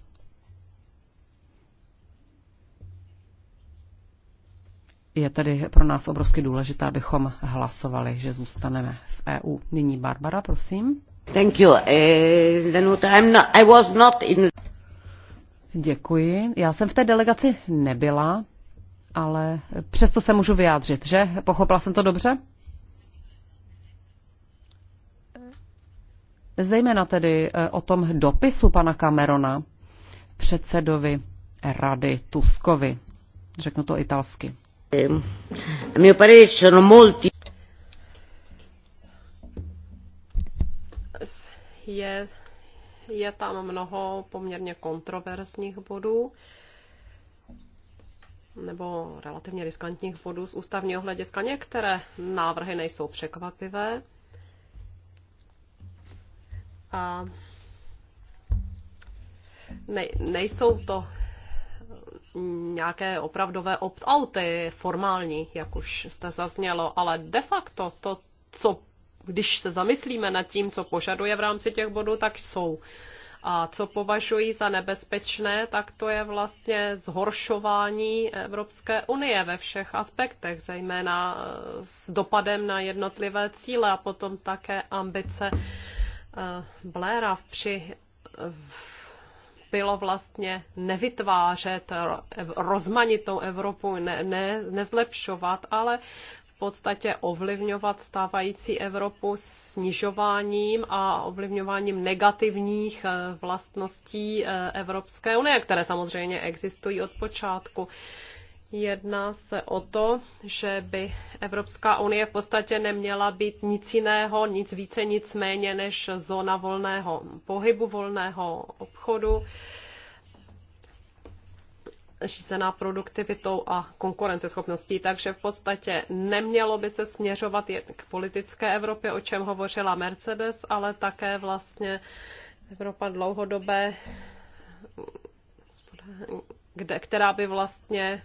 Je tedy pro nás obrovsky důležité, abychom hlasovali, že zůstaneme v EU. Nyní Barbara, prosím. Thank you. Eh, I'm not, I was not in... Děkuji. Já jsem v té delegaci nebyla, ale přesto se můžu vyjádřit, že? Pochopila jsem to dobře? Zejména tedy eh, o tom dopisu pana Camerona předsedovi rady Tuskovi. Řeknu to italsky. Eh, sono molti je, je tam mnoho poměrně kontroverzních bodů nebo relativně riskantních bodů z ústavního hlediska. Některé návrhy nejsou překvapivé. A ne, nejsou to nějaké opravdové opt-outy formální, jak už jste zaznělo, ale de facto to, co když se zamyslíme nad tím, co požaduje v rámci těch bodů, tak jsou. A co považují za nebezpečné, tak to je vlastně zhoršování Evropské unie ve všech aspektech, zejména eh, s dopadem na jednotlivé cíle a potom také ambice eh, Blaira při eh, bylo vlastně nevytvářet rozmanitou Evropu, ne, ne, nezlepšovat, ale podstatě ovlivňovat stávající Evropu snižováním a ovlivňováním negativních eh, vlastností eh, Evropské unie, které samozřejmě existují od počátku. Jedná se o to, že by Evropská unie v podstatě neměla být nic jiného, nic více, nic méně než zóna volného pohybu, volného obchodu řízená produktivitou a konkurenceschopností. Takže v podstatě nemělo by se směřovat jen k politické Evropě, o čem hovořila Mercedes, ale také vlastně Evropa dlouhodobé, kde, která by vlastně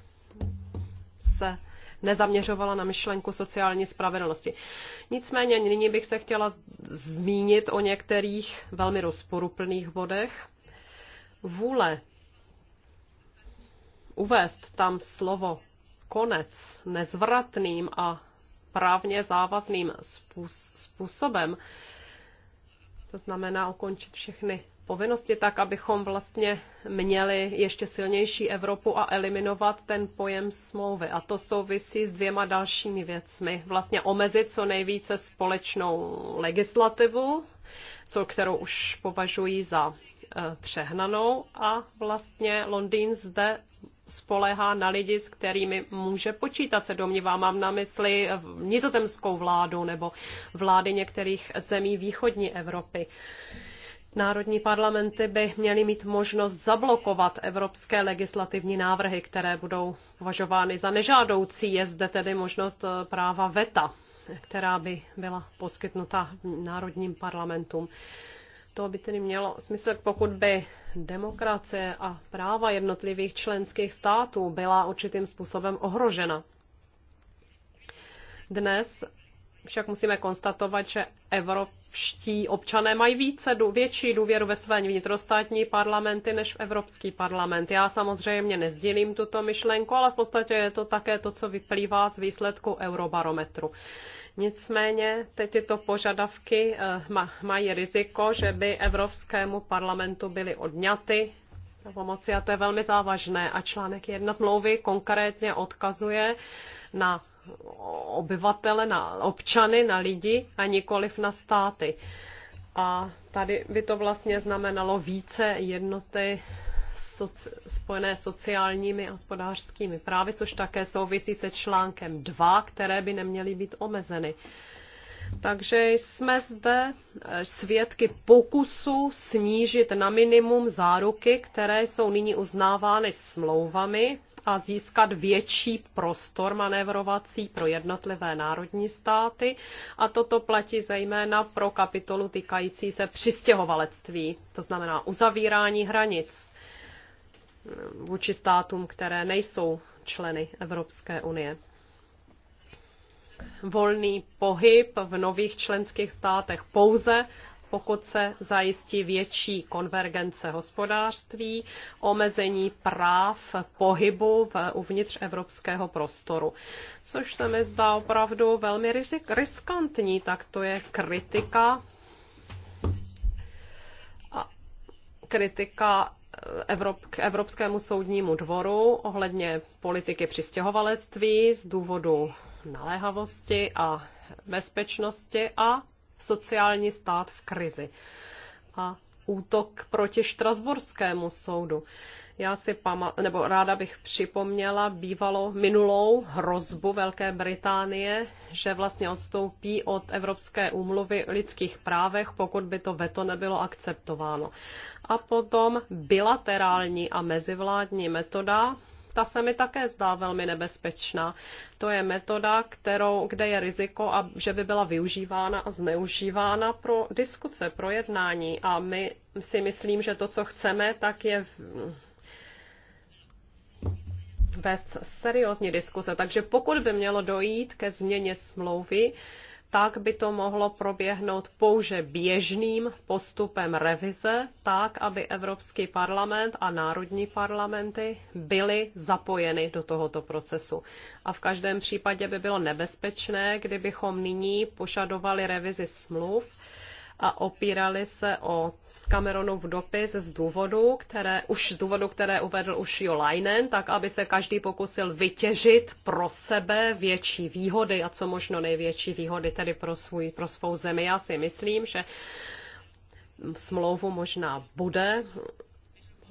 se nezaměřovala na myšlenku sociální spravedlnosti. Nicméně nyní bych se chtěla zmínit o některých velmi rozporuplných bodech. Vůle uvést tam slovo konec nezvratným a právně závazným způsobem, to znamená ukončit všechny povinnosti tak, abychom vlastně měli ještě silnější Evropu a eliminovat ten pojem smlouvy. A to souvisí s dvěma dalšími věcmi. Vlastně omezit co nejvíce společnou legislativu, co, kterou už považují za eh, přehnanou a vlastně Londýn zde spolehá na lidi, s kterými může počítat, se domnívám. Mám na mysli nizozemskou vládu nebo vlády některých zemí východní Evropy. Národní parlamenty by měly mít možnost zablokovat evropské legislativní návrhy, které budou považovány za nežádoucí. Je zde tedy možnost eh, práva VETA, která by byla poskytnuta národním parlamentům. To by tedy mělo smysl, pokud by demokracie a práva jednotlivých členských států byla určitým způsobem ohrožena. Dnes však musíme konstatovat, že evropští občané mají více, větší důvěru ve své vnitrostátní parlamenty než v Evropský parlament. Já samozřejmě nezdílím tuto myšlenku, ale v podstatě je to také to, co vyplývá z výsledku eurobarometru. Nicméně tyto požadavky eh, mají riziko, že by Evropskému parlamentu byly odňaty pomoci a to je velmi závažné. A článek jedna smlouvy konkrétně odkazuje na obyvatele, na občany, na lidi a nikoliv na státy. A tady by to vlastně znamenalo více jednoty soci, spojené sociálními a hospodářskými právy, což také souvisí se článkem 2, které by neměly být omezeny. Takže jsme zde eh, svědky pokusu snížit na minimum záruky, které jsou nyní uznávány smlouvami a získat větší prostor manévrovací pro jednotlivé národní státy a toto platí zejména pro kapitolu týkající se přistěhovalectví, to znamená uzavírání hranic vůči státům, které nejsou členy Evropské unie. Volný pohyb v nových členských státech pouze pokud se zajistí větší konvergence hospodářství, omezení práv pohybu v, uvnitř evropského prostoru. Což se mi zdá opravdu velmi rizik, riskantní, tak to je kritika kritika Evrop, k Evropskému soudnímu dvoru ohledně politiky přistěhovalectví z důvodu naléhavosti a bezpečnosti a sociální stát v krizi. A útok proti Štrasburskému soudu. Já si pamat, nebo ráda bych připomněla bývalou minulou hrozbu Velké Británie, že vlastně odstoupí od Evropské úmluvy o lidských právech, pokud by to veto nebylo akceptováno. A potom bilaterální a mezivládní metoda, ta se mi také zdá velmi nebezpečná. To je metoda, kterou, kde je riziko, a, že by byla využívána a zneužívána pro diskuse, pro jednání. A my si myslím, že to, co chceme, tak je vést seriózní diskuse. Takže pokud by mělo dojít ke změně smlouvy, tak by to mohlo proběhnout pouze běžným postupem revize, tak, aby Evropský parlament a národní parlamenty byly zapojeny do tohoto procesu. A v každém případě by bylo nebezpečné, kdybychom nyní požadovali revizi smluv a opírali se o Cameronův dopis z důvodu, které, už z důvodu, které uvedl už Jo Leinen, tak aby se každý pokusil vytěžit pro sebe větší výhody a co možno největší výhody tedy pro, svůj, pro svou zemi. Já si myslím, že smlouvu možná bude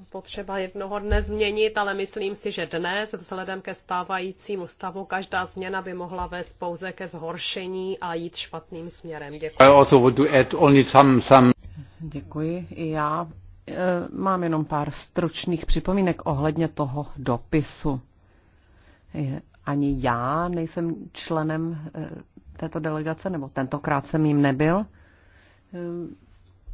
potřeba jednoho dne změnit, ale myslím si, že dnes vzhledem ke stávajícímu stavu každá změna by mohla vést pouze ke zhoršení a jít špatným směrem. Děkuji. I also add only some, some... Děkuji. I já eh, mám jenom pár stručných připomínek ohledně toho dopisu. Ani já nejsem členem eh, této delegace, nebo tentokrát jsem jim nebyl. Eh,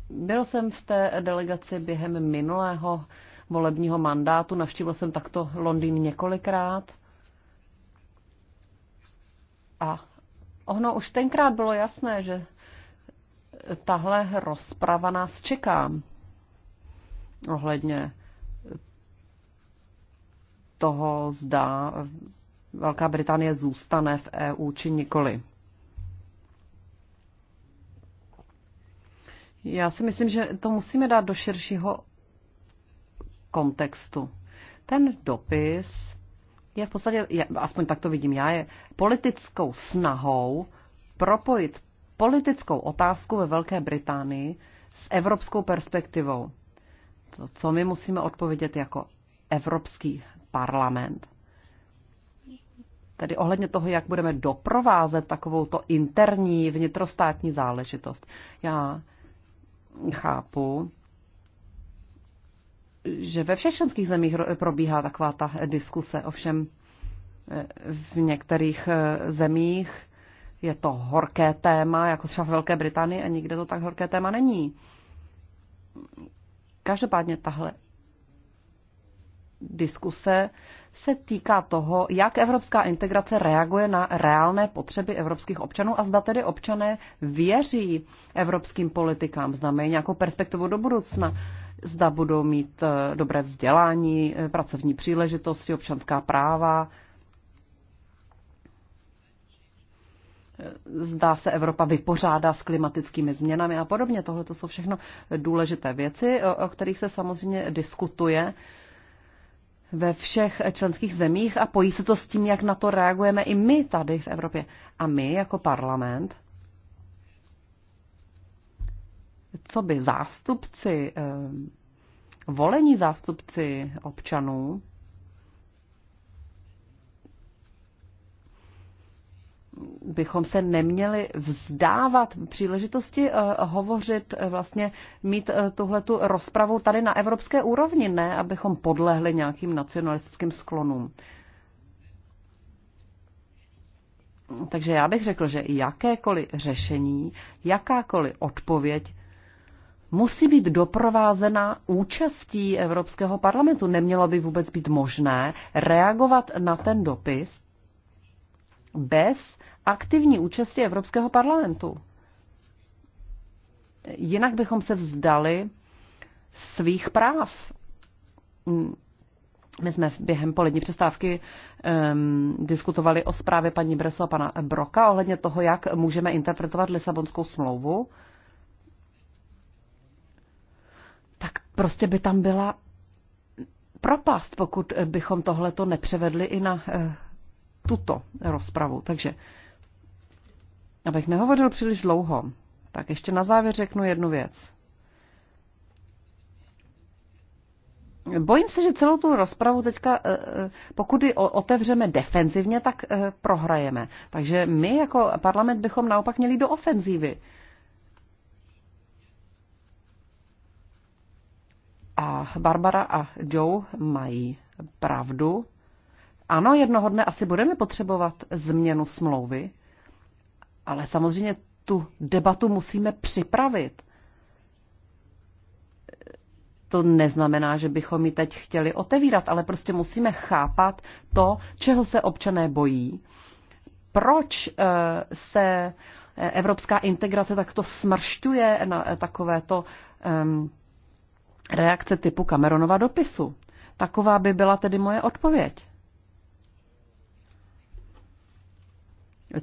byl jsem v té delegaci během minulého volebního mandátu, navštívil jsem takto Londýn několikrát. A ono už tenkrát bylo jasné, že tahle rozprava nás čeká ohledně toho, zda Velká Británie zůstane v EU či nikoli. Já si myslím, že to musíme dát do širšího kontextu. Ten dopis je v podstatě, aspoň tak to vidím já, je politickou snahou propojit politickou otázku ve Velké Británii s evropskou perspektivou. To, co my musíme odpovědět jako Evropský parlament. Tedy ohledně toho, jak budeme doprovázet takovou to interní vnitrostátní záležitost. Já chápu, že ve všech členských zemích probíhá taková ta diskuse, ovšem eh, v některých eh, zemích je to horké téma, jako třeba v Velké Británii a nikde to tak horké téma není. Každopádně tahle diskuse se týká toho, jak evropská integrace reaguje na reálné potřeby evropských občanů a zda tedy občané věří evropským politikám, mají nějakou perspektivu do budoucna, zda budou mít eh, dobré vzdělání, eh, pracovní příležitosti, občanská práva, zdá se Evropa vypořádá s klimatickými změnami a podobně. Tohle to jsou všechno důležité věci, o kterých se samozřejmě diskutuje ve všech členských zemích a pojí se to s tím, jak na to reagujeme i my tady v Evropě. A my jako parlament, co by zástupci, eh, volení zástupci občanů, bychom se neměli vzdávat příležitosti eh, hovořit, eh, vlastně mít eh, tuhletu rozpravu tady na evropské úrovni, ne abychom podlehli nějakým nacionalistickým sklonům. Takže já bych řekl, že jakékoliv řešení, jakákoliv odpověď musí být doprovázena účastí Evropského parlamentu. Nemělo by vůbec být možné reagovat na ten dopis bez aktivní účasti Evropského parlamentu. Jinak bychom se vzdali svých práv. My jsme během polední přestávky um, diskutovali o zprávě paní Breso a pana Broka ohledně toho, jak můžeme interpretovat Lisabonskou smlouvu. Tak prostě by tam byla propast, pokud bychom tohleto nepřevedli i na uh, tuto rozpravu. Takže, abych nehovořil příliš dlouho, tak ještě na závěr řeknu jednu věc. Bojím se, že celou tu rozpravu teďka, eh, eh, pokud ji otevřeme defenzivně, tak eh, prohrajeme. Takže my jako parlament bychom naopak měli do ofenzívy. A Barbara a Joe mají pravdu. Ano, jednoho dne asi budeme potřebovat změnu smlouvy, ale samozřejmě tu debatu musíme připravit. To neznamená, že bychom ji teď chtěli otevírat, ale prostě musíme chápat to, čeho se občané bojí, proč eh, se eh, evropská integrace takto smršťuje na eh, takovéto ehm, reakce typu Cameronova dopisu. Taková by byla tedy moje odpověď.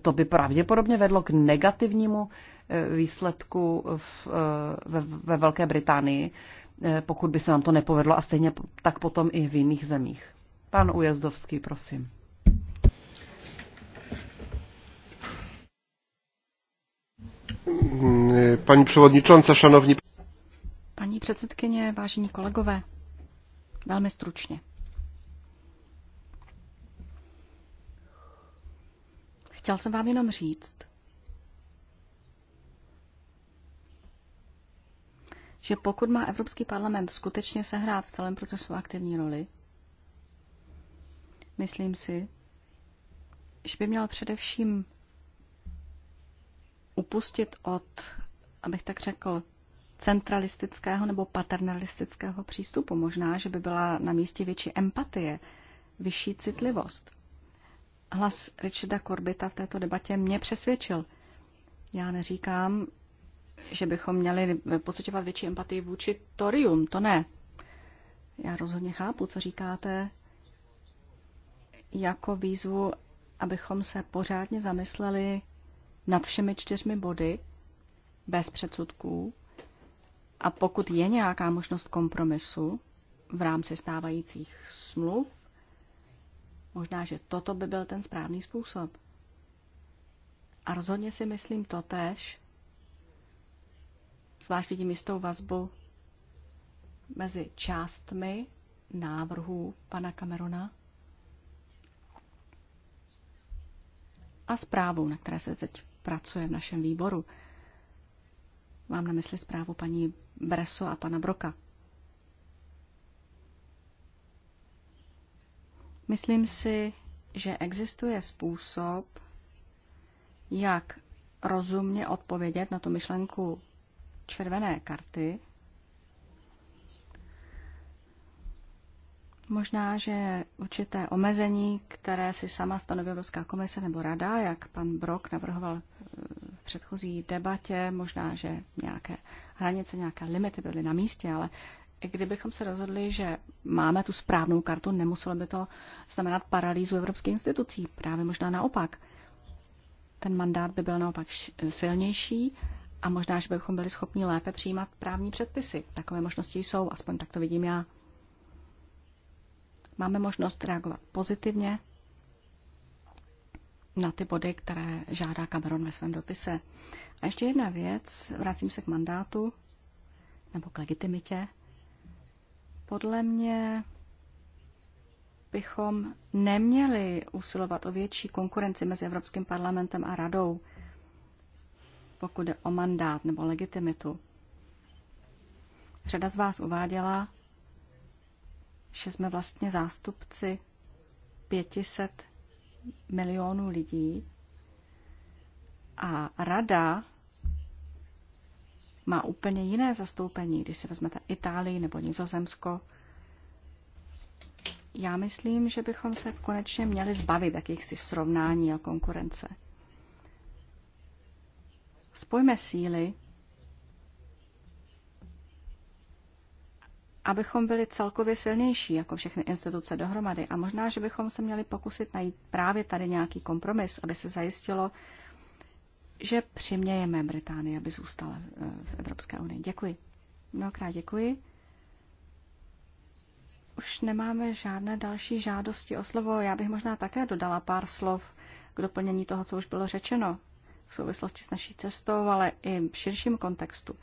To by pravděpodobně vedlo k negativnímu eh, výsledku v, eh, ve, ve Velké Británii, eh, pokud by se nám to nepovedlo a stejně tak potom i v jiných zemích. Pan Ujezdovský, prosím. Paní převodničonce, šanovní... Paní předsedkyně, vážení kolegové, velmi stručně. Chtěl jsem vám jenom říct, že pokud má Evropský parlament skutečně sehrát v celém procesu aktivní roli, myslím si, že by měl především upustit od, abych tak řekl, centralistického nebo paternalistického přístupu. Možná, že by byla na místě větší empatie, vyšší citlivost hlas Richarda Corbita v této debatě mě přesvědčil. Já neříkám, že bychom měli pocitovat větší empatii vůči Torium, to ne. Já rozhodně chápu, co říkáte, jako výzvu, abychom se pořádně zamysleli nad všemi čtyřmi body, bez předsudků, a pokud je nějaká možnost kompromisu v rámci stávajících smluv, Možná, že toto by byl ten správný způsob. A rozhodně si myslím to tež, zvlášť vidím jistou vazbu mezi částmi návrhů pana Camerona a zprávou, na které se teď pracuje v našem výboru. Mám na mysli zprávu paní Breso a pana Broka. Myslím si, že existuje způsob, jak rozumně odpovědět na tu myšlenku červené karty. Možná, že určité omezení, které si sama stanoví Evropská komise nebo rada, jak pan Brok navrhoval eh, v předchozí debatě, možná, že nějaké hranice, nějaké limity byly na místě, ale i kdybychom se rozhodli, že máme tu správnou kartu, nemuselo by to znamenat paralýzu evropských institucí. Právě možná naopak. Ten mandát by byl naopak silnější a možná, že bychom byli schopni lépe přijímat právní předpisy. Takové možnosti jsou, aspoň tak to vidím já. Máme možnost reagovat pozitivně na ty body, které žádá Cameron ve svém dopise. A ještě jedna věc, vracím se k mandátu nebo k legitimitě. Podle mě bychom neměli usilovat o větší konkurenci mezi Evropským parlamentem a radou, pokud je o mandát nebo legitimitu. Řada z vás uváděla, že jsme vlastně zástupci 500 milionů lidí a rada má úplně jiné zastoupení, když si vezmete Itálii nebo Nizozemsko. Já myslím, že bychom se konečně měli zbavit jakýchsi srovnání a konkurence. Spojme síly, abychom byli celkově silnější jako všechny instituce dohromady. A možná, že bychom se měli pokusit najít právě tady nějaký kompromis, aby se zajistilo, že přimějeme Británii, aby zůstala eh, v Evropské unii. Děkuji. Mnohokrát děkuji. Už nemáme žádné další žádosti o slovo. Já bych možná také dodala pár slov k doplnění toho, co už bylo řečeno v souvislosti s naší cestou, ale i v širším kontextu.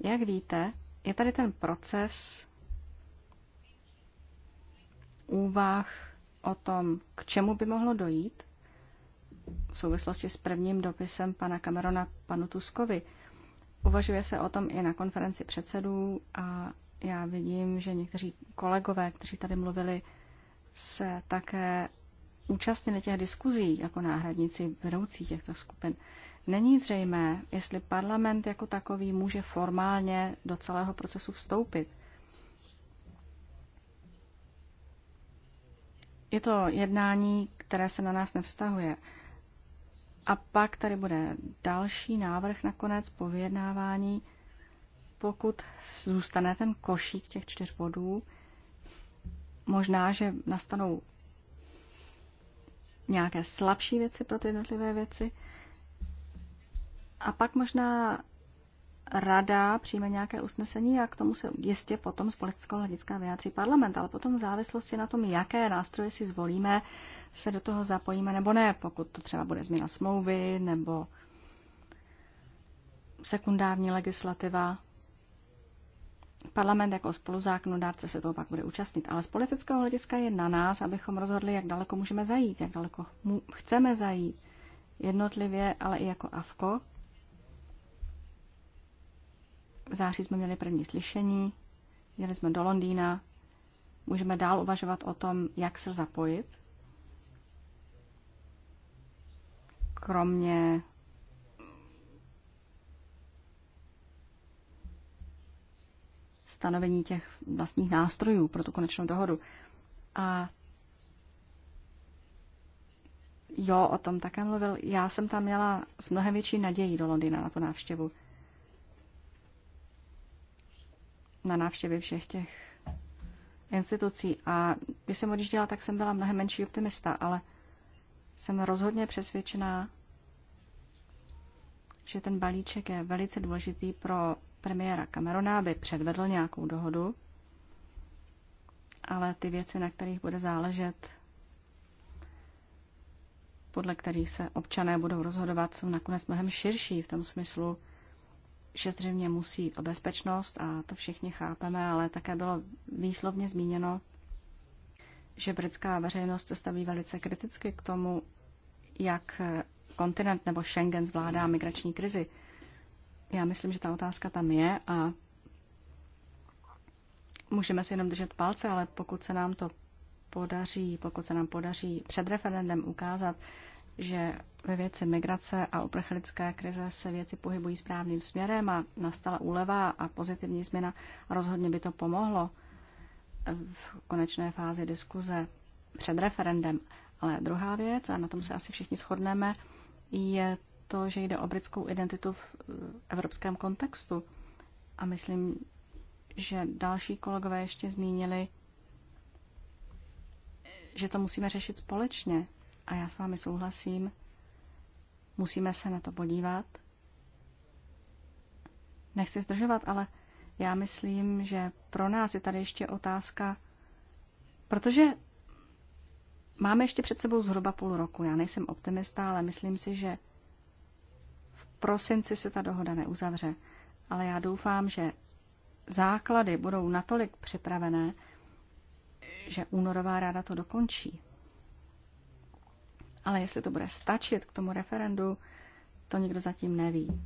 Jak víte, je tady ten proces úvah o tom, k čemu by mohlo dojít v souvislosti s prvním dopisem pana Camerona panu Tuskovi. Uvažuje se o tom i na konferenci předsedů a já vidím, že někteří kolegové, kteří tady mluvili, se také účastnili těch diskuzí jako náhradníci vedoucí těchto skupin. Není zřejmé, jestli parlament jako takový může formálně do celého procesu vstoupit. Je to jednání, které se na nás nevztahuje. A pak tady bude další návrh nakonec po vyjednávání. Pokud zůstane ten košík těch čtyř bodů, možná, že nastanou nějaké slabší věci pro ty jednotlivé věci. A pak možná rada přijme nějaké usnesení a k tomu se jistě potom z politického hlediska vyjádří parlament, ale potom v závislosti na tom, jaké nástroje si zvolíme, se do toho zapojíme nebo ne, pokud to třeba bude změna smlouvy nebo sekundární legislativa. Parlament jako spoluzákonodárce se toho pak bude účastnit, ale z politického hlediska je na nás, abychom rozhodli, jak daleko můžeme zajít, jak daleko chceme zajít jednotlivě, ale i jako AFKO. V září jsme měli první slyšení, jeli jsme do Londýna, můžeme dál uvažovat o tom, jak se zapojit, kromě stanovení těch vlastních nástrojů pro tu konečnou dohodu. A jo, o tom také mluvil. Já jsem tam měla s mnohem větší naději do Londýna na tu návštěvu. na návštěvy všech těch institucí. A když jsem odjížděla, tak jsem byla mnohem menší optimista, ale jsem rozhodně přesvědčená, že ten balíček je velice důležitý pro premiéra Camerona, aby předvedl nějakou dohodu, ale ty věci, na kterých bude záležet, podle kterých se občané budou rozhodovat, jsou nakonec mnohem širší v tom smyslu, že zřejmě musí jít o bezpečnost a to všichni chápeme, ale také bylo výslovně zmíněno, že britská veřejnost se staví velice kriticky k tomu, jak kontinent nebo Schengen zvládá migrační krizi. Já myslím, že ta otázka tam je a můžeme si jenom držet palce, ale pokud se nám to podaří, pokud se nám podaří před referendem ukázat, že ve věci migrace a uprchlické krize se věci pohybují správným směrem a nastala úleva a pozitivní změna a rozhodně by to pomohlo v konečné fázi diskuze před referendem. Ale druhá věc, a na tom se asi všichni shodneme, je to, že jde o britskou identitu v evropském kontextu. A myslím, že další kolegové ještě zmínili, že to musíme řešit společně, a já s vámi souhlasím, musíme se na to podívat. Nechci zdržovat, ale já myslím, že pro nás je tady ještě otázka, protože máme ještě před sebou zhruba půl roku. Já nejsem optimista, ale myslím si, že v prosinci se ta dohoda neuzavře. Ale já doufám, že základy budou natolik připravené, že únorová ráda to dokončí. Ale jestli to bude stačit k tomu referendu, to nikdo zatím neví.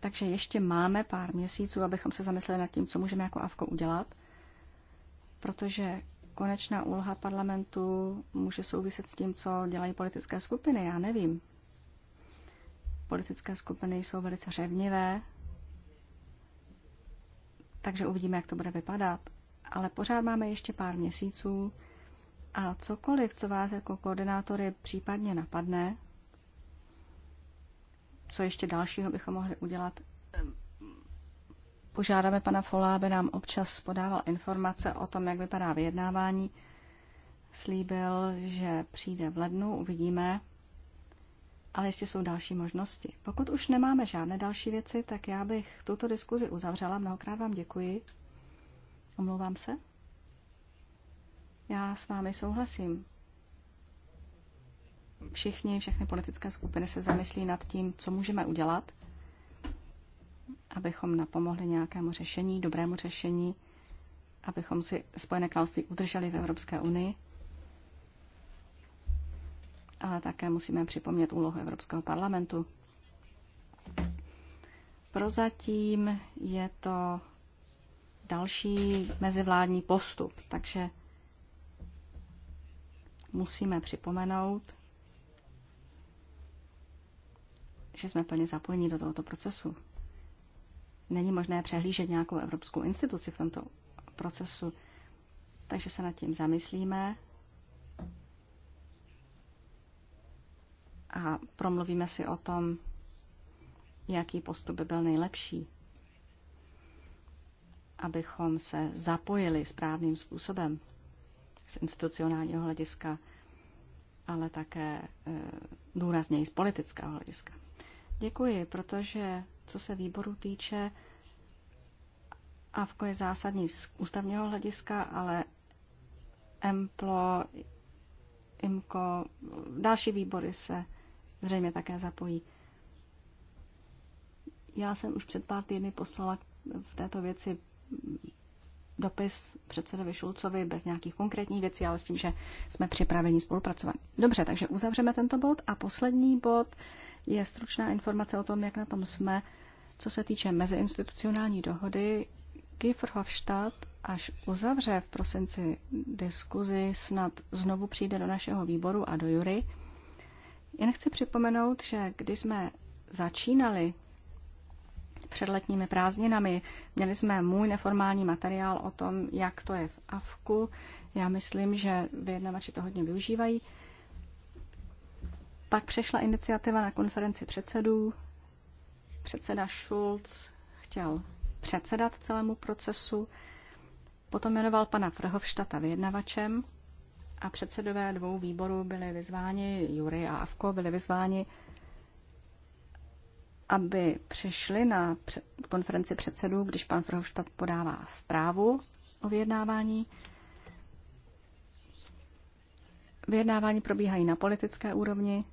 Takže ještě máme pár měsíců, abychom se zamysleli nad tím, co můžeme jako AVKO udělat, protože konečná úloha parlamentu může souviset s tím, co dělají politické skupiny. Já nevím. Politické skupiny jsou velice řevnivé, takže uvidíme, jak to bude vypadat. Ale pořád máme ještě pár měsíců, a cokoliv, co vás jako koordinátory případně napadne, co ještě dalšího bychom mohli udělat, ehm, požádáme pana Fola, aby nám občas podával informace o tom, jak vypadá vyjednávání. Slíbil, že přijde v lednu, uvidíme, ale jestli jsou další možnosti. Pokud už nemáme žádné další věci, tak já bych tuto diskuzi uzavřela. Mnohokrát vám děkuji. Omlouvám se. Já s vámi souhlasím. Všichni, všechny politické skupiny se zamyslí nad tím, co můžeme udělat, abychom napomohli nějakému řešení, dobrému řešení, abychom si Spojené království udrželi v Evropské unii. Ale také musíme připomnět úlohu Evropského parlamentu. Prozatím je to další mezivládní postup, takže musíme připomenout, že jsme plně zapojeni do tohoto procesu. Není možné přehlížet nějakou evropskou instituci v tomto procesu, takže se nad tím zamyslíme a promluvíme si o tom, jaký postup by byl nejlepší, abychom se zapojili správným způsobem z institucionálního hlediska, ale také eh, důrazněji z politického hlediska. Děkuji, protože co se výboru týče, AVKO je zásadní z ústavního hlediska, ale EMPLO, IMKO, další výbory se zřejmě také zapojí. Já jsem už před pár týdny poslala v této věci dopis předsedovi Šulcovi bez nějakých konkrétních věcí, ale s tím, že jsme připraveni spolupracovat. Dobře, takže uzavřeme tento bod a poslední bod je stručná informace o tom, jak na tom jsme, co se týče meziinstitucionální dohody. Kifrhofstadt až uzavře v prosinci diskuzi, snad znovu přijde do našeho výboru a do jury. Jen chci připomenout, že když jsme začínali před letními prázdninami. Měli jsme můj neformální materiál o tom, jak to je v AVKu. Já myslím, že vyjednavači to hodně využívají. Pak přešla iniciativa na konferenci předsedů. Předseda Schulz chtěl předsedat celému procesu. Potom jmenoval pana Frhovštata vyjednavačem a předsedové dvou výborů byli vyzváni, Jury a Avko byli vyzváni, aby přišli na konferenci předsedů, když pan Verhofstadt podává zprávu o vyjednávání. Vyjednávání probíhají na politické úrovni.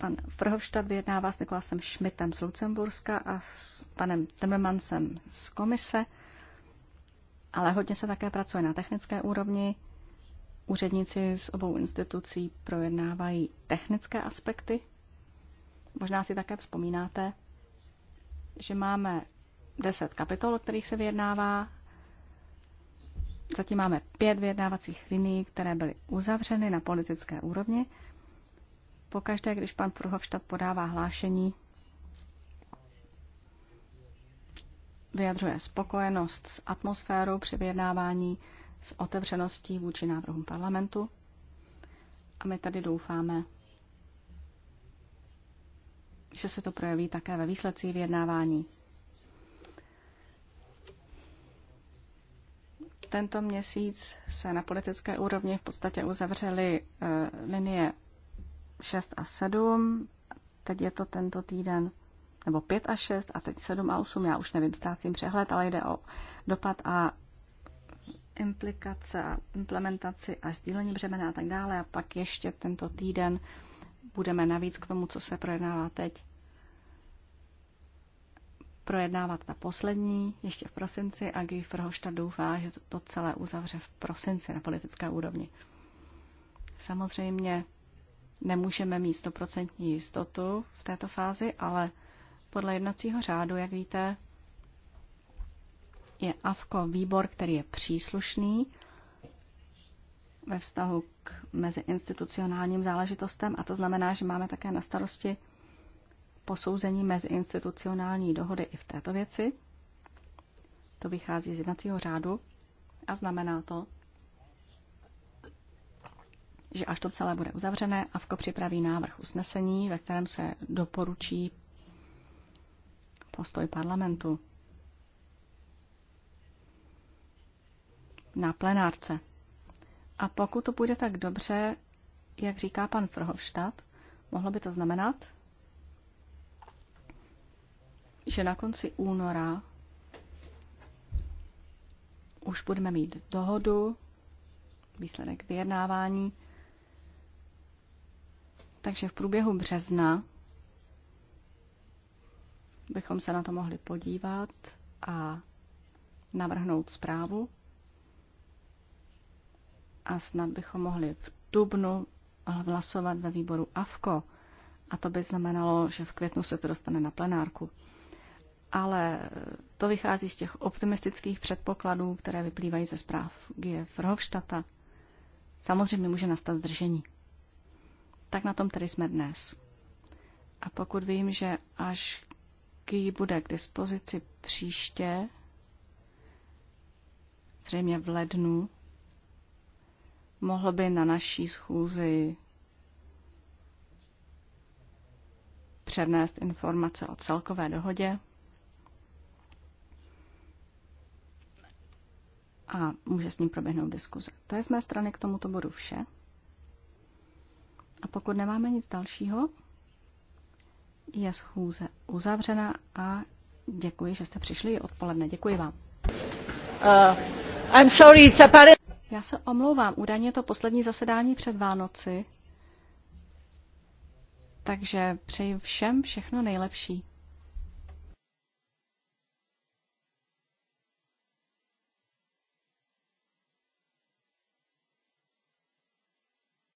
Pan Verhofstadt vyjednává s Nikolasem Schmidtem z Lucemburska a s panem Timmermansem z komise, ale hodně se také pracuje na technické úrovni. Úředníci z obou institucí projednávají technické aspekty Možná si také vzpomínáte, že máme deset kapitol, o kterých se vyjednává. Zatím máme pět vyjednávacích linií, které byly uzavřeny na politické úrovni. Pokaždé, když pan Pruhovštad podává hlášení, vyjadřuje spokojenost s atmosférou při vyjednávání, s otevřeností vůči návrhům parlamentu. A my tady doufáme, že se to projeví také ve výsledcích vyjednávání. Tento měsíc se na politické úrovni v podstatě uzavřely eh, linie 6 a 7, teď je to tento týden nebo 5 a 6 a teď 7 a 8, já už nevím, ztrácím přehled, ale jde o dopad a implikace a implementaci a sdílení břemena a tak dále. A pak ještě tento týden budeme navíc k tomu, co se projednává teď, projednávat na poslední, ještě v prosinci, a Guy Verhofstadt doufá, že to, to celé uzavře v prosinci na politické úrovni. Samozřejmě nemůžeme mít stoprocentní jistotu v této fázi, ale podle jednacího řádu, jak víte, je AFKO výbor, který je příslušný ve vztahu k institucionálním záležitostem a to znamená, že máme také na starosti posouzení meziinstitucionální dohody i v této věci. To vychází z jednacího řádu a znamená to, že až to celé bude uzavřené, AVKO připraví návrh usnesení, ve kterém se doporučí postoj parlamentu na plenárce. A pokud to půjde tak dobře, jak říká pan Frhovštad, mohlo by to znamenat, že na konci února už budeme mít dohodu, výsledek vyjednávání. Takže v průběhu března bychom se na to mohli podívat a navrhnout zprávu. A snad bychom mohli v dubnu hlasovat ve výboru AFKO. A to by znamenalo, že v květnu se to dostane na plenárku ale eh, to vychází z těch optimistických předpokladů, které vyplývají ze zpráv GF Verhofstadta. Samozřejmě může nastat zdržení. Tak na tom tedy jsme dnes. A pokud vím, že až Ký bude k dispozici příště, zřejmě v lednu, mohl by na naší schůzi přednést informace o celkové dohodě a může s ním proběhnout diskuze. To je z mé strany k tomuto bodu vše. A pokud nemáme nic dalšího, je schůze uzavřena a děkuji, že jste přišli odpoledne. Děkuji vám. Uh, I'm sorry, it's apparent... Já se omlouvám, údajně to poslední zasedání před Vánoci, takže přeji všem všechno nejlepší.